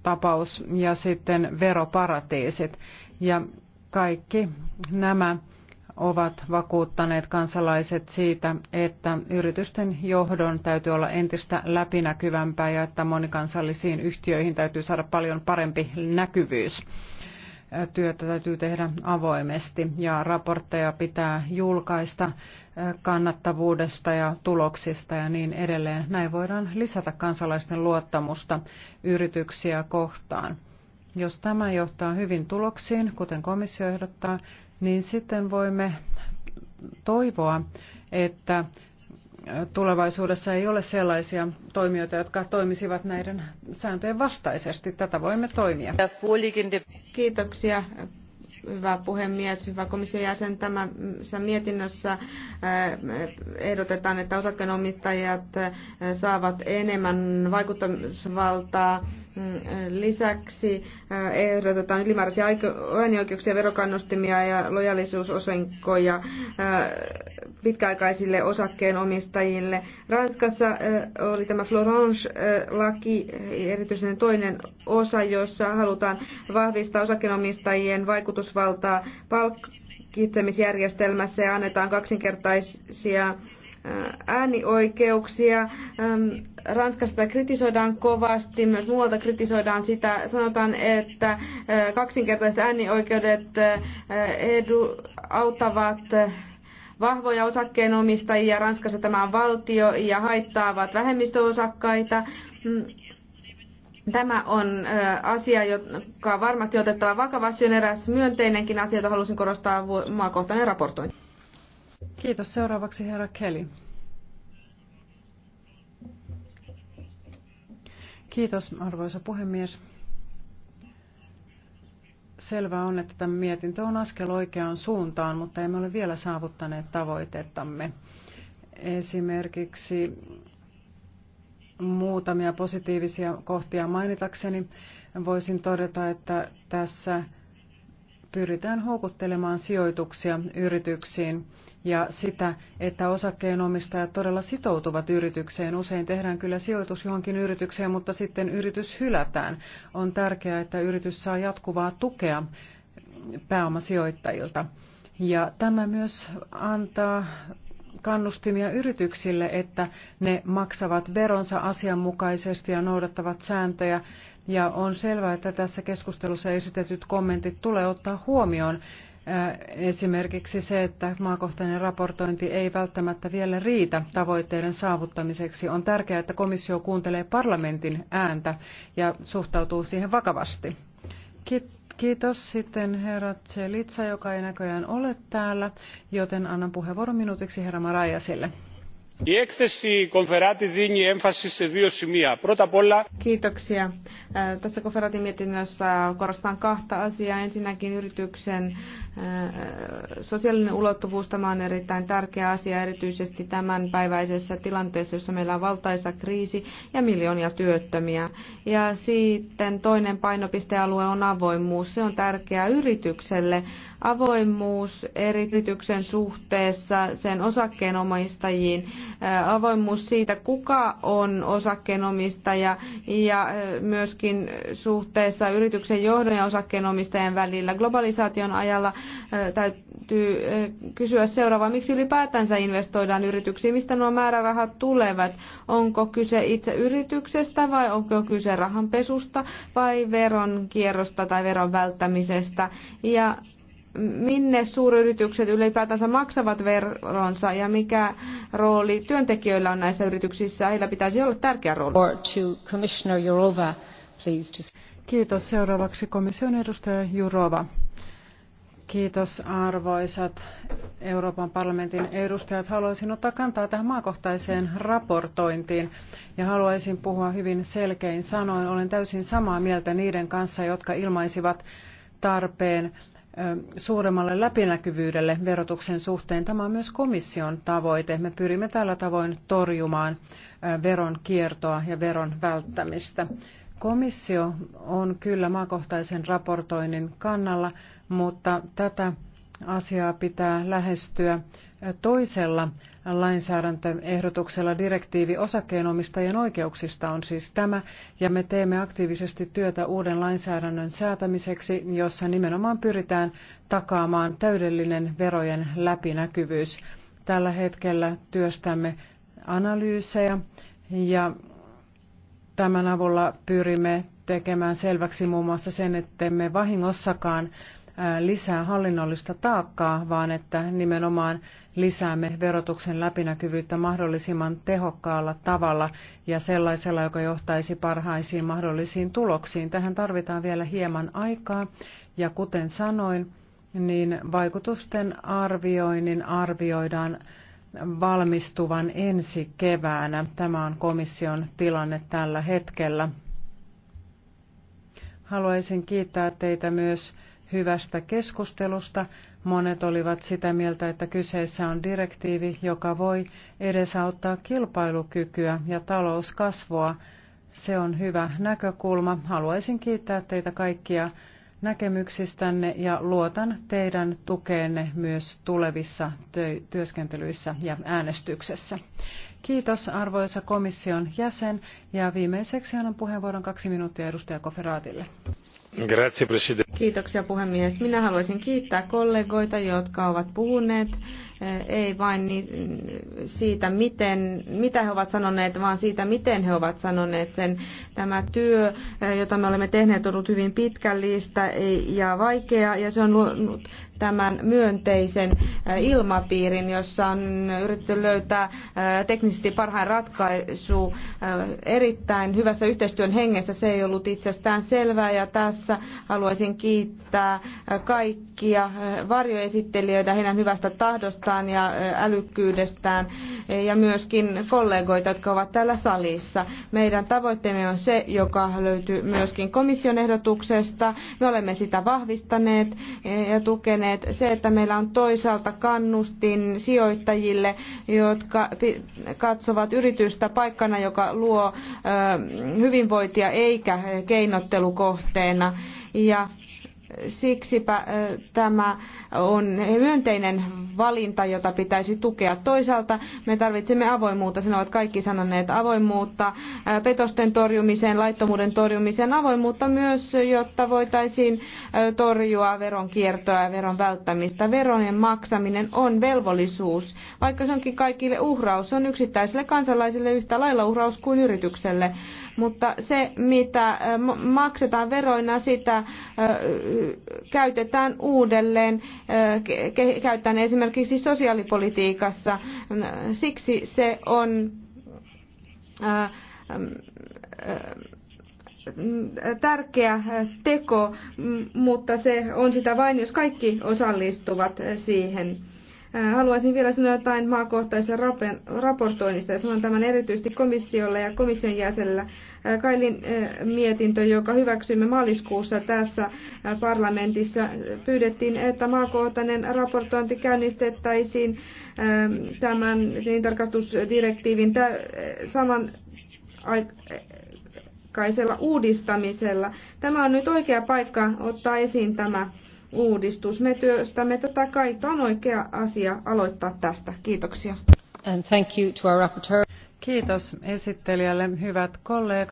tapaus ja sitten veroparatiisit. Ja kaikki nämä ovat vakuuttaneet kansalaiset siitä, että yritysten johdon täytyy olla entistä läpinäkyvämpää ja että monikansallisiin yhtiöihin täytyy saada paljon parempi näkyvyys. Työtä täytyy tehdä avoimesti ja raportteja pitää julkaista kannattavuudesta ja tuloksista ja niin edelleen. Näin voidaan lisätä kansalaisten luottamusta yrityksiä kohtaan. Jos tämä johtaa hyvin tuloksiin, kuten komissio ehdottaa, niin sitten voimme toivoa, että tulevaisuudessa ei ole sellaisia toimijoita, jotka toimisivat näiden sääntöjen vastaisesti. Tätä voimme toimia. Kiitoksia hyvä puhemies, hyvä komission jäsen. Tämässä mietinnössä eh, ehdotetaan, että osakkeenomistajat eh, saavat enemmän vaikutusvaltaa Mm, lisäksi äh, ehdotetaan ylimääräisiä äänioikeuksia, verokannustimia ja lojallisuusosinkoja äh, pitkäaikaisille osakkeenomistajille. Ranskassa äh, oli tämä Florange-laki, erityisen toinen osa, jossa halutaan vahvistaa osakkeenomistajien vaikutusvaltaa palkkitsemisjärjestelmässä ja annetaan kaksinkertaisia äänioikeuksia. Ranskasta kritisoidaan kovasti, myös muualta kritisoidaan sitä. Sanotaan, että kaksinkertaiset äänioikeudet edu, auttavat vahvoja osakkeenomistajia. Ranskassa tämä on valtio ja haittaavat vähemmistöosakkaita. Tämä on asia, joka on varmasti otettava vakavasti. On eräs myönteinenkin asia, jota halusin korostaa maakohtainen raportointi. Kiitos. Seuraavaksi herra Kelly. Kiitos, arvoisa puhemies. Selvä on, että tämä mietintö on askel oikeaan suuntaan, mutta emme ole vielä saavuttaneet tavoitettamme. Esimerkiksi muutamia positiivisia kohtia mainitakseni voisin todeta, että tässä pyritään houkuttelemaan sijoituksia yrityksiin ja sitä, että osakkeenomistajat todella sitoutuvat yritykseen. Usein tehdään kyllä sijoitus johonkin yritykseen, mutta sitten yritys hylätään. On tärkeää, että yritys saa jatkuvaa tukea pääomasijoittajilta. Ja tämä myös antaa kannustimia yrityksille, että ne maksavat veronsa asianmukaisesti ja noudattavat sääntöjä. Ja on selvää, että tässä keskustelussa esitetyt kommentit tulee ottaa huomioon. Äh, esimerkiksi se, että maakohtainen raportointi ei välttämättä vielä riitä tavoitteiden saavuttamiseksi. On tärkeää, että komissio kuuntelee parlamentin ääntä ja suhtautuu siihen vakavasti. Kiitos sitten herra Tselitsa, joka ei näköjään ole täällä, joten annan puheenvuoron minuutiksi herra Marajasille. Η έκθεση Κομφεράτη δίνει έμφαση σε δύο σημεία. Πρώτα απ' όλα... Tässä Κομφεράτιν mietinnössä korostan kahta asiaa. Ensinnäkin yrityksen sosiaalinen ulottuvuus. Tämä on erittäin tärkeä asia erityisesti tämänpäiväisessä tilanteessa, jossa meillä on valtaisa kriisi ja miljoonia työttömiä. Ja sitten toinen painopistealue on avoimuus. Se on tärkeää yritykselle Avoimuus eri yrityksen suhteessa sen osakkeenomistajiin, avoimuus siitä, kuka on osakkeenomistaja ja myöskin suhteessa yrityksen johdon ja osakkeenomistajien välillä. Globalisaation ajalla täytyy kysyä seuraavaa, miksi ylipäätänsä investoidaan yrityksiin, mistä nuo määrärahat tulevat, onko kyse itse yrityksestä vai onko kyse rahanpesusta vai veronkierrosta tai veron välttämisestä. Ja minne suuryritykset ylipäätänsä maksavat veronsa ja mikä rooli työntekijöillä on näissä yrityksissä. Heillä pitäisi olla tärkeä rooli. Kiitos. Seuraavaksi komission edustaja Jurova. Kiitos arvoisat Euroopan parlamentin edustajat. Haluaisin ottaa kantaa tähän maakohtaiseen raportointiin ja haluaisin puhua hyvin selkein sanoin. Olen täysin samaa mieltä niiden kanssa, jotka ilmaisivat tarpeen suuremmalle läpinäkyvyydelle verotuksen suhteen. Tämä on myös komission tavoite. Me pyrimme tällä tavoin torjumaan veron kiertoa ja veron välttämistä. Komissio on kyllä maakohtaisen raportoinnin kannalla, mutta tätä asiaa pitää lähestyä toisella lainsäädäntöehdotuksella. Direktiivi osakkeenomistajien oikeuksista on siis tämä, ja me teemme aktiivisesti työtä uuden lainsäädännön säätämiseksi, jossa nimenomaan pyritään takaamaan täydellinen verojen läpinäkyvyys. Tällä hetkellä työstämme analyysejä ja tämän avulla pyrimme tekemään selväksi muun muassa sen, ettemme vahingossakaan lisää hallinnollista taakkaa, vaan että nimenomaan lisäämme verotuksen läpinäkyvyyttä mahdollisimman tehokkaalla tavalla ja sellaisella, joka johtaisi parhaisiin mahdollisiin tuloksiin. Tähän tarvitaan vielä hieman aikaa ja kuten sanoin, niin vaikutusten arvioinnin arvioidaan valmistuvan ensi keväänä. Tämä on komission tilanne tällä hetkellä. Haluaisin kiittää teitä myös hyvästä keskustelusta. Monet olivat sitä mieltä, että kyseessä on direktiivi, joka voi edesauttaa kilpailukykyä ja talouskasvua. Se on hyvä näkökulma. Haluaisin kiittää teitä kaikkia näkemyksistänne ja luotan teidän tukeenne myös tulevissa työskentelyissä ja äänestyksessä. Kiitos arvoisa komission jäsen ja viimeiseksi annan puheenvuoron kaksi minuuttia edustaja Koferaatille arvoisa Kiitoksia puhemies. Minä haluaisin kiittää kollegoita, jotka ovat puhuneet ei vain siitä, miten, mitä he ovat sanoneet, vaan siitä, miten he ovat sanoneet sen. Tämä työ, eh, jota me olemme tehneet, on ollut hyvin pitkällistä ja vaikea, ja se on luonut tämän myönteisen eh, ilmapiirin, jossa on yritetty löytää eh, teknisesti parhain ratkaisu erittäin hyvässä yhteistyön hengessä. Se ei ollut itsestään selvää, ja tässä haluaisin kiittää kiittää kaikkia varjoesittelijöitä heidän hyvästä tahdostaan ja älykkyydestään ja myöskin kollegoita, jotka ovat täällä salissa. Meidän tavoitteemme on se, joka löytyy myöskin komission ehdotuksesta. Me olemme sitä vahvistaneet ja tukeneet. Se, että meillä on toisaalta kannustin sijoittajille, jotka katsovat yritystä paikkana, joka luo hyvinvointia eikä keinottelukohteena. Ja Siksipä tämä on myönteinen valinta, jota pitäisi tukea. Toisaalta me tarvitsemme avoimuutta, sen ovat kaikki sanoneet avoimuutta, petosten torjumiseen, laittomuuden torjumiseen, avoimuutta myös, jotta voitaisiin torjua veronkiertoa ja veron välttämistä. Verojen maksaminen on velvollisuus, vaikka se onkin kaikille uhraus. Se on yksittäiselle kansalaiselle yhtä lailla uhraus kuin yritykselle mutta se mitä äh, maksetaan veroina, sitä äh, käytetään uudelleen, äh, käytetään esimerkiksi sosiaalipolitiikassa. Siksi se on mm, tärkeä teko, mutta se on sitä vain, jos kaikki osallistuvat siihen. Haluaisin vielä sanoa jotain maakohtaisen raportoinnista ja sanon tämän erityisesti komissiolle ja komission jäsenellä. Kailin mietintö, joka hyväksyimme maaliskuussa tässä parlamentissa, pyydettiin, että maakohtainen raportointi käynnistettäisiin tämän tarkastusdirektiivin saman aikaisella uudistamisella. Tämä on nyt oikea paikka ottaa esiin tämä uudistus. Me työstämme tätä Tämä On oikea asia aloittaa tästä. Kiitoksia. And thank you to our rapporteur. Kiitos esittelijälle, hyvät kollegat.